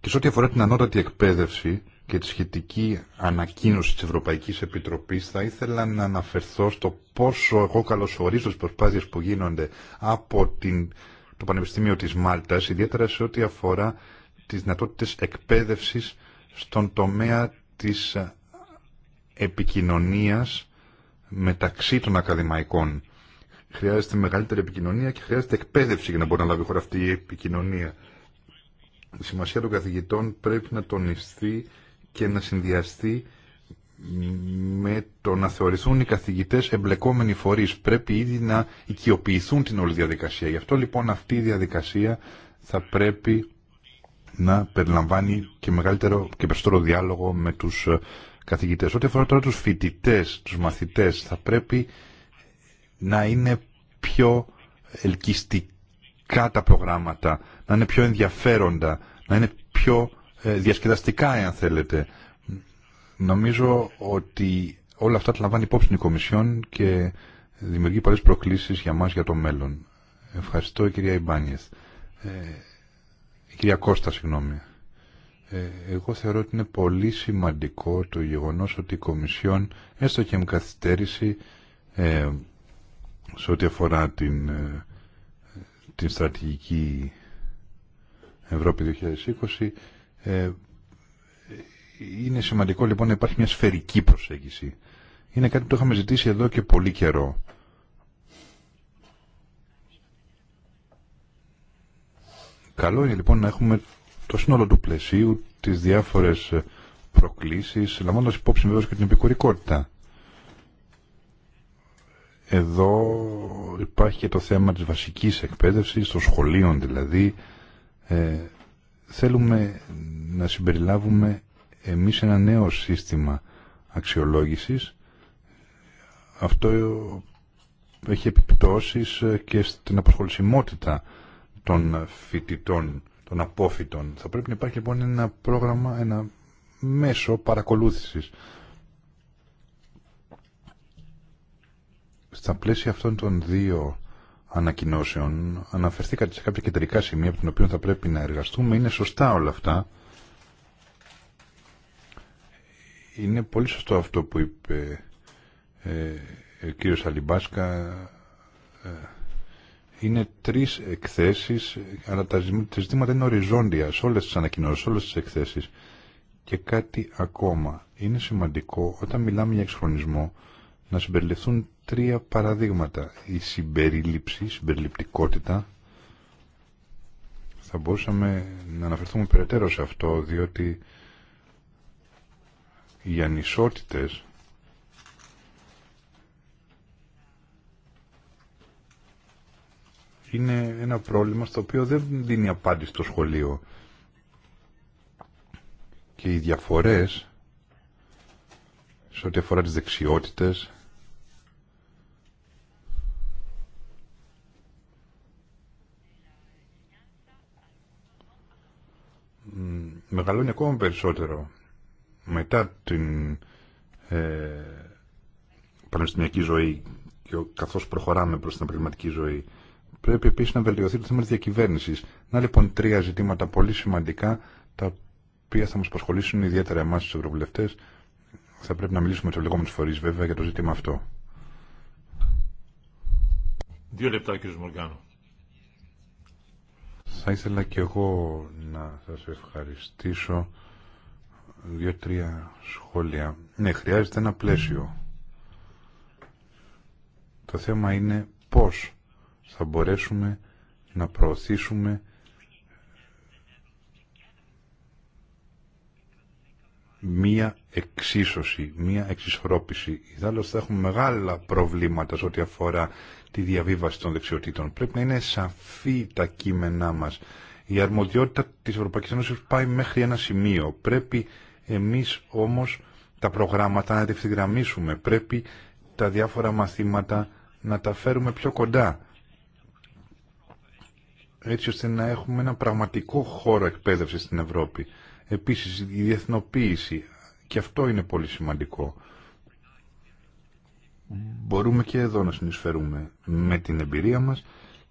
Και σε ό,τι αφορά την ανώτατη εκπαίδευση, και τη σχετική ανακοίνωση της Ευρωπαϊκής Επιτροπής θα ήθελα να αναφερθώ στο πόσο εγώ καλωσορίζω τις προσπάθειες που γίνονται από την, το Πανεπιστήμιο της Μάλτας, ιδιαίτερα σε ό,τι αφορά τις δυνατότητες εκπαίδευσης στον τομέα της επικοινωνίας μεταξύ των ακαδημαϊκών. Χρειάζεται μεγαλύτερη επικοινωνία και χρειάζεται εκπαίδευση για να μπορεί να λάβει χώρα αυτή η επικοινωνία. Η σημασία των καθηγητών πρέπει να τονιστεί και να συνδυαστεί με το να θεωρηθούν οι καθηγητές εμπλεκόμενοι φορείς. Πρέπει ήδη να οικειοποιηθούν την όλη διαδικασία. Γι' αυτό λοιπόν αυτή η διαδικασία θα πρέπει να περιλαμβάνει και μεγαλύτερο και περισσότερο διάλογο με τους ε, καθηγητές. Ό,τι αφορά τώρα τους φοιτητές, τους μαθητές, θα πρέπει να είναι πιο ελκυστικά τα προγράμματα, να είναι πιο ενδιαφέροντα, να είναι πιο ε, διασκεδαστικά, αν θέλετε. Νομίζω ότι όλα αυτά τα λαμβάνει υπόψη η Κομισιόν και δημιουργεί πολλές προκλήσεις για μας για το μέλλον. Ευχαριστώ, κυρία Ιμπάνιεθ. Ε, κυρία Κώστα, συγγνώμη. Ε, εγώ θεωρώ ότι είναι πολύ σημαντικό το γεγονός ότι η Κομισιόν, έστω και με καθυστέρηση, ε, σε ό,τι αφορά την, ε, την στρατηγική Ευρώπη 2020, ε, είναι σημαντικό λοιπόν να υπάρχει μια σφαιρική προσέγγιση. Είναι κάτι που το είχαμε ζητήσει εδώ και πολύ καιρό. Καλό είναι λοιπόν να έχουμε το σύνολο του πλαισίου, τις διάφορες προκλήσεις, λαμβάνοντας υπόψη βέβαια και την επικουρικότητα. Εδώ υπάρχει και το θέμα της βασικής εκπαίδευσης, των σχολείων δηλαδή, ε, θέλουμε να συμπεριλάβουμε εμείς ένα νέο σύστημα αξιολόγησης. Αυτό έχει επιπτώσεις και στην αποσχολησιμότητα των φοιτητών, των απόφοιτων. Θα πρέπει να υπάρχει λοιπόν ένα πρόγραμμα, ένα μέσο παρακολούθησης. Στα πλαίσια αυτών των δύο ανακοινώσεων αναφερθήκατε σε κάποια κεντρικά σημεία από την οποία θα πρέπει να εργαστούμε. Είναι σωστά όλα αυτά. Είναι πολύ σωστό αυτό που είπε ε, ο κύριος Αλιμπάσκα. Ε, είναι τρεις εκθέσεις, αλλά τα ζητήματα είναι οριζόντια σε όλες τις ανακοινώσεις, σε όλες τις εκθέσεις. Και κάτι ακόμα. Είναι σημαντικό όταν μιλάμε για εξχρονισμό να συμπεριληφθούν τρία παραδείγματα. Η συμπερίληψη, η συμπεριληπτικότητα. Θα μπορούσαμε να αναφερθούμε περαιτέρω σε αυτό, διότι οι ανισότητες είναι ένα πρόβλημα στο οποίο δεν δίνει απάντηση το σχολείο. Και οι διαφορές σε ό,τι αφορά τις δεξιότητες μεγαλώνει ακόμα περισσότερο μετά την ε, πανεπιστημιακή ζωή και καθώς προχωράμε προς την επαγγελματική ζωή. Πρέπει επίσης να βελτιωθεί το θέμα της διακυβέρνησης. Να λοιπόν τρία ζητήματα πολύ σημαντικά τα οποία θα μας απασχολήσουν ιδιαίτερα εμάς τους ευρωβουλευτές. Θα πρέπει να μιλήσουμε με τους λεγόμενους βέβαια για το ζήτημα αυτό. Δύο λεπτά κύριε Μοργάνο. Θα ήθελα και εγώ να σας ευχαριστήσω δύο-τρία σχόλια. Ναι, χρειάζεται ένα πλαίσιο. Το θέμα είναι πώς θα μπορέσουμε να προωθήσουμε μία εξίσωση, μία εξισορρόπηση. Η θα έχουμε μεγάλα προβλήματα σε ό,τι αφορά τη διαβίβαση των δεξιοτήτων. Πρέπει να είναι σαφή τα κείμενά μας. Η αρμοδιότητα της Ευρωπαϊκής Ένωσης πάει μέχρι ένα σημείο. Πρέπει εμείς όμως τα προγράμματα να τα Πρέπει τα διάφορα μαθήματα να τα φέρουμε πιο κοντά. Έτσι ώστε να έχουμε ένα πραγματικό χώρο εκπαίδευση στην Ευρώπη. Επίσης η διεθνοποίηση. Και αυτό είναι πολύ σημαντικό. Μπορούμε και εδώ να συνεισφέρουμε με την εμπειρία μας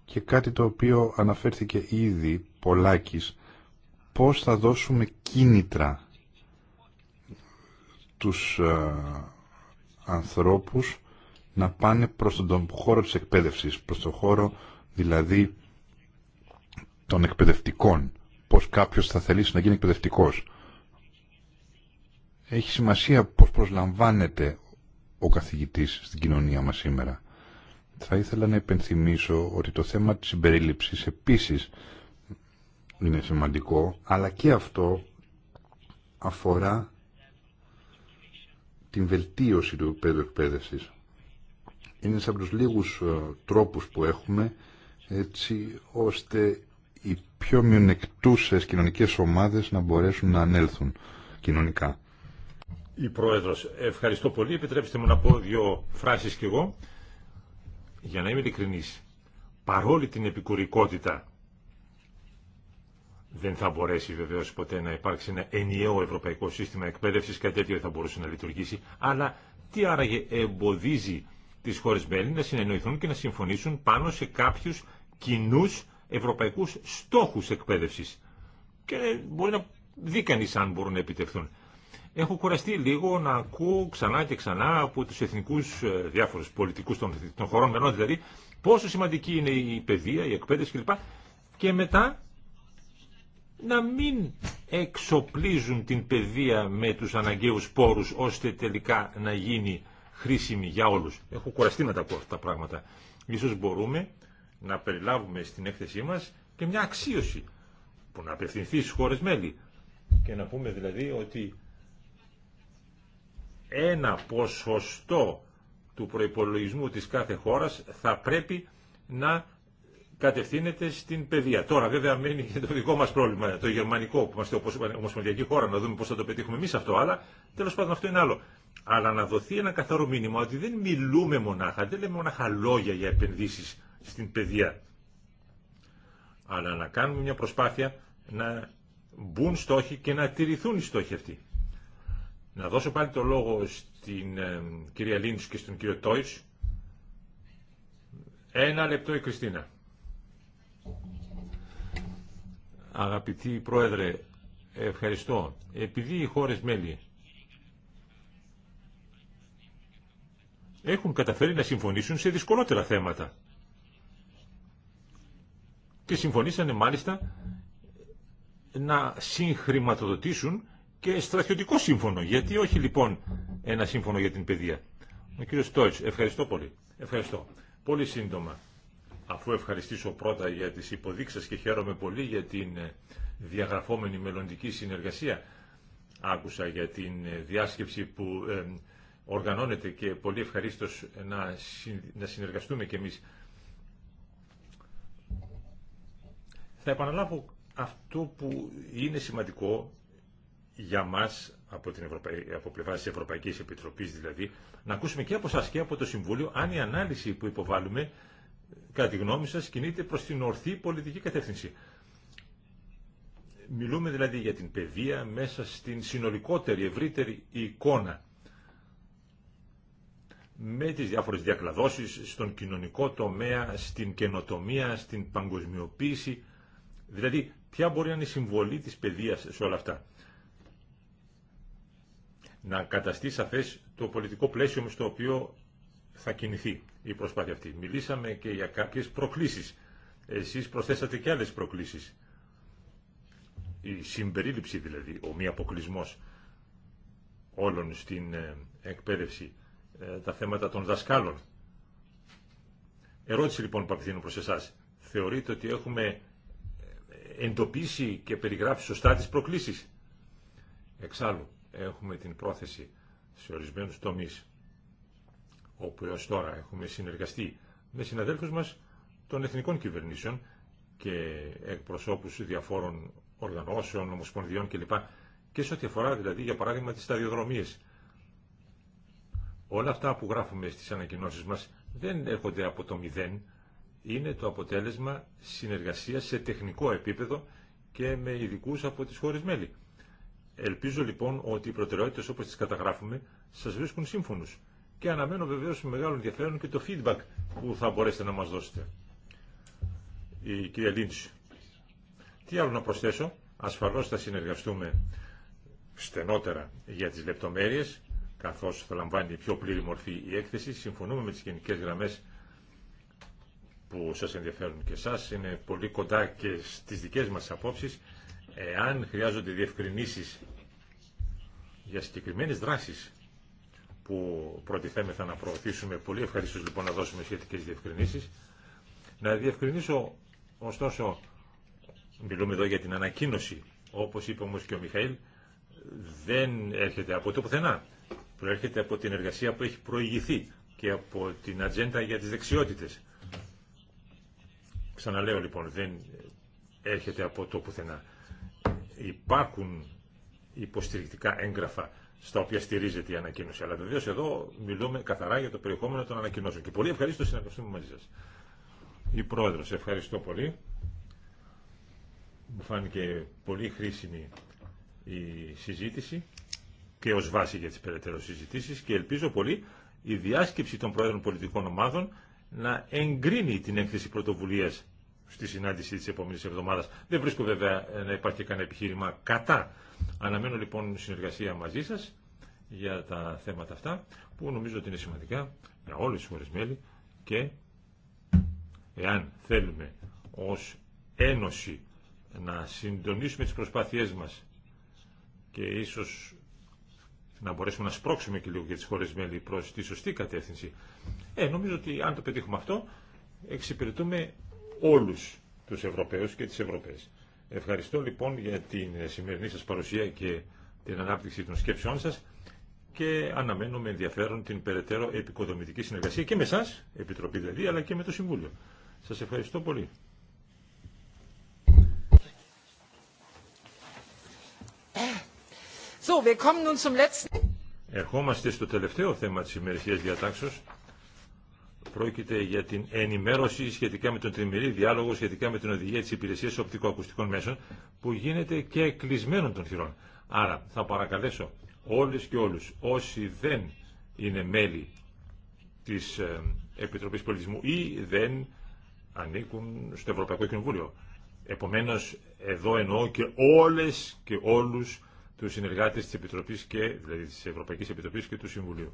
και κάτι το οποίο αναφέρθηκε ήδη πολλάκις, πώς θα δώσουμε κίνητρα τους α, ε, ανθρώπους να πάνε προς τον, χώρο της εκπαίδευσης, προς τον χώρο δηλαδή των εκπαιδευτικών, πώς κάποιος θα θελήσει να γίνει εκπαιδευτικός. Έχει σημασία πώς προσλαμβάνεται ο καθηγητής στην κοινωνία μας σήμερα. Θα ήθελα να υπενθυμίσω ότι το θέμα της συμπερίληψης επίσης είναι σημαντικό, αλλά και αυτό αφορά την βελτίωση του επίπεδου εκπαίδευση. Είναι σαν τους λίγους ε, τρόπους που έχουμε έτσι ώστε οι πιο μειονεκτούσες κοινωνικές ομάδες να μπορέσουν να ανέλθουν κοινωνικά η Πρόεδρος. Ευχαριστώ πολύ. Επιτρέψτε μου να πω δύο φράσεις κι εγώ. Για να είμαι ειλικρινής, παρόλη την επικουρικότητα δεν θα μπορέσει βεβαίω ποτέ να υπάρξει ένα ενιαίο ευρωπαϊκό σύστημα εκπαίδευση, κάτι τέτοιο θα μπορούσε να λειτουργήσει. Αλλά τι άραγε εμποδίζει τι χώρε μέλη να συνεννοηθούν και να συμφωνήσουν πάνω σε κάποιου κοινού ευρωπαϊκού στόχου εκπαίδευση. Και μπορεί να δει κανεί αν μπορούν να επιτευχθούν. Έχω κουραστεί λίγο να ακούω ξανά και ξανά από τους εθνικούς ε, διάφορους πολιτικούς των, των χωρών μελών δηλαδή πόσο σημαντική είναι η παιδεία, η εκπαίδευση κλπ. Και μετά να μην εξοπλίζουν την παιδεία με τους αναγκαίους πόρους ώστε τελικά να γίνει χρήσιμη για όλους. Έχω κουραστεί να τα πω αυτά τα πράγματα. Ίσως μπορούμε να περιλάβουμε στην έκθεσή μας και μια αξίωση που να απευθυνθεί στι χώρες μέλη και να πούμε δηλαδή ότι ένα ποσοστό του προϋπολογισμού της κάθε χώρας θα πρέπει να κατευθύνεται στην παιδεία. Τώρα βέβαια μένει το δικό μας πρόβλημα, το γερμανικό που είμαστε όπως είπα, ομοσπονδιακή χώρα, να δούμε πώς θα το πετύχουμε εμείς αυτό, αλλά τέλος πάντων αυτό είναι άλλο. Αλλά να δοθεί ένα καθαρό μήνυμα ότι δεν μιλούμε μονάχα, δεν λέμε μονάχα λόγια για επενδύσεις στην παιδεία. Αλλά να κάνουμε μια προσπάθεια να μπουν στόχοι και να τηρηθούν οι στόχοι αυτοί. Να δώσω πάλι το λόγο στην ε, κυρία Λίντσου και στον κύριο Τόιτς. Ένα λεπτό η Κριστίνα. Αγαπητή Πρόεδρε, ευχαριστώ. Επειδή οι χώρες μέλη έχουν καταφέρει να συμφωνήσουν σε δυσκολότερα θέματα και συμφωνήσανε μάλιστα να συγχρηματοδοτήσουν και στρατιωτικό σύμφωνο. Γιατί όχι λοιπόν ένα σύμφωνο για την παιδεία. Ο κύριος Στόιτς, ευχαριστώ πολύ. Ευχαριστώ. Πολύ σύντομα, αφού ευχαριστήσω πρώτα για τις υποδείξεις και χαίρομαι πολύ για την ε, διαγραφόμενη μελλοντική συνεργασία. Άκουσα για την ε, διάσκεψη που ε, οργανώνεται και πολύ ευχαριστώ να συνεργαστούμε κι εμείς. Θα επαναλάβω αυτό που είναι σημαντικό για μας, από, από πλευρά της Ευρωπαϊκής Επιτροπής δηλαδή, να ακούσουμε και από σας και από το Συμβούλιο αν η ανάλυση που υποβάλλουμε, κατά τη γνώμη σας, κινείται προς την ορθή πολιτική κατεύθυνση. Μιλούμε δηλαδή για την παιδεία μέσα στην συνολικότερη, ευρύτερη εικόνα με τις διάφορες διακλαδώσεις στον κοινωνικό τομέα, στην καινοτομία, στην παγκοσμιοποίηση. Δηλαδή, ποια μπορεί να είναι η συμβολή της παιδείας σε όλα αυτά να καταστεί σαφές το πολιτικό πλαίσιο στο οποίο θα κινηθεί η προσπάθεια αυτή. Μιλήσαμε και για κάποιε προκλήσεις. Εσείς προσθέσατε και άλλε προκλήσεις. Η συμπερίληψη δηλαδή, ο μη αποκλεισμό όλων στην ε, εκπαίδευση, ε, τα θέματα των δασκάλων. Ερώτηση λοιπόν που απευθύνω προς εσάς. Θεωρείτε ότι έχουμε ε, εντοπίσει και περιγράψει σωστά τις προκλήσεις. Εξάλλου, έχουμε την πρόθεση σε ορισμένους τομείς όπου έως τώρα έχουμε συνεργαστεί με συναδέλφους μας των εθνικών κυβερνήσεων και εκπροσώπους διαφόρων οργανώσεων, ομοσπονδιών κλπ. Και σε ό,τι αφορά δηλαδή για παράδειγμα τις σταδιοδρομίες. Όλα αυτά που γράφουμε στις ανακοινώσεις μας δεν έρχονται από το μηδέν, είναι το αποτέλεσμα συνεργασίας σε τεχνικό επίπεδο και με ειδικού από τις χώρες μέλη. Ελπίζω λοιπόν ότι οι προτεραιότητε όπω τις καταγράφουμε σας βρίσκουν σύμφωνους και αναμένω βεβαίω με μεγάλο ενδιαφέρον και το feedback που θα μπορέσετε να μας δώσετε. Η κυρία Λίντς. Τι άλλο να προσθέσω. ασφαλώ θα συνεργαστούμε στενότερα για τις λεπτομέρειες καθώς θα λαμβάνει πιο πλήρη μορφή η έκθεση. Συμφωνούμε με τι γενικέ γραμμέ που σας ενδιαφέρουν και εσάς. Είναι πολύ κοντά και στις δικές μας απόψεις Εάν χρειάζονται διευκρινήσεις για συγκεκριμένες δράσεις που προτιθέμεθα να προωθήσουμε, πολύ ευχαριστώ λοιπόν να δώσουμε σχετικές διευκρινήσεις, να διευκρινίσω ωστόσο, μιλούμε εδώ για την ανακοίνωση, όπως είπε όμως και ο Μιχαήλ, δεν έρχεται από το πουθενά. Προέρχεται από την εργασία που έχει προηγηθεί και από την ατζέντα για τις δεξιότητες. Ξαναλέω λοιπόν, δεν έρχεται από το πουθενά. Υπάρχουν υποστηρικτικά έγγραφα στα οποία στηρίζεται η ανακοίνωση. Αλλά βεβαίω εδώ μιλούμε καθαρά για το περιεχόμενο των ανακοινώσεων. Και πολύ ευχαρίστω συνεργαστούμε μαζί σα. Η πρόεδρο, ευχαριστώ πολύ. Μου φάνηκε πολύ χρήσιμη η συζήτηση και ω βάση για τι περαιτέρω συζητήσει και ελπίζω πολύ η διάσκεψη των πρόεδρων πολιτικών ομάδων να εγκρίνει την έκθεση πρωτοβουλία στη συνάντηση της επόμενης εβδομάδας. Δεν βρίσκω βέβαια να υπάρχει κανένα επιχείρημα κατά. Αναμένω λοιπόν συνεργασία μαζί σας για τα θέματα αυτά που νομίζω ότι είναι σημαντικά για όλες τις χώρες μέλη και εάν θέλουμε ως Ένωση να συντονίσουμε τις προσπάθειές μας και ίσως να μπορέσουμε να σπρώξουμε και λίγο για τις χώρες μέλη προς τη σωστή κατεύθυνση. Ε, νομίζω ότι αν το πετύχουμε αυτό, εξυπηρετούμε όλους τους Ευρωπαίους και τις Ευρωπαίες. Ευχαριστώ λοιπόν για την σημερινή σας παρουσία και την ανάπτυξη των σκέψεών σας και αναμένω με ενδιαφέρον την περαιτέρω επικοδομητική συνεργασία και με εσάς, Επιτροπή δηλαδή, αλλά και με το Συμβούλιο. Σας ευχαριστώ πολύ. Ερχόμαστε στο τελευταίο θέμα της ημερησίας διατάξεως Πρόκειται για την ενημέρωση σχετικά με τον τριμερή διάλογο, σχετικά με την οδηγία τη υπηρεσία οπτικοακουστικών μέσων, που γίνεται και κλεισμένων των θυρών. Άρα θα παρακαλέσω όλες και όλου όσοι δεν είναι μέλη τη ε, Επιτροπή Πολιτισμού ή δεν ανήκουν στο Ευρωπαϊκό Κοινοβούλιο. Επομένω, εδώ εννοώ και όλε και όλου του συνεργάτε τη Επιτροπή και δηλαδή τη Ευρωπαϊκή Επιτροπή και του Συμβουλίου.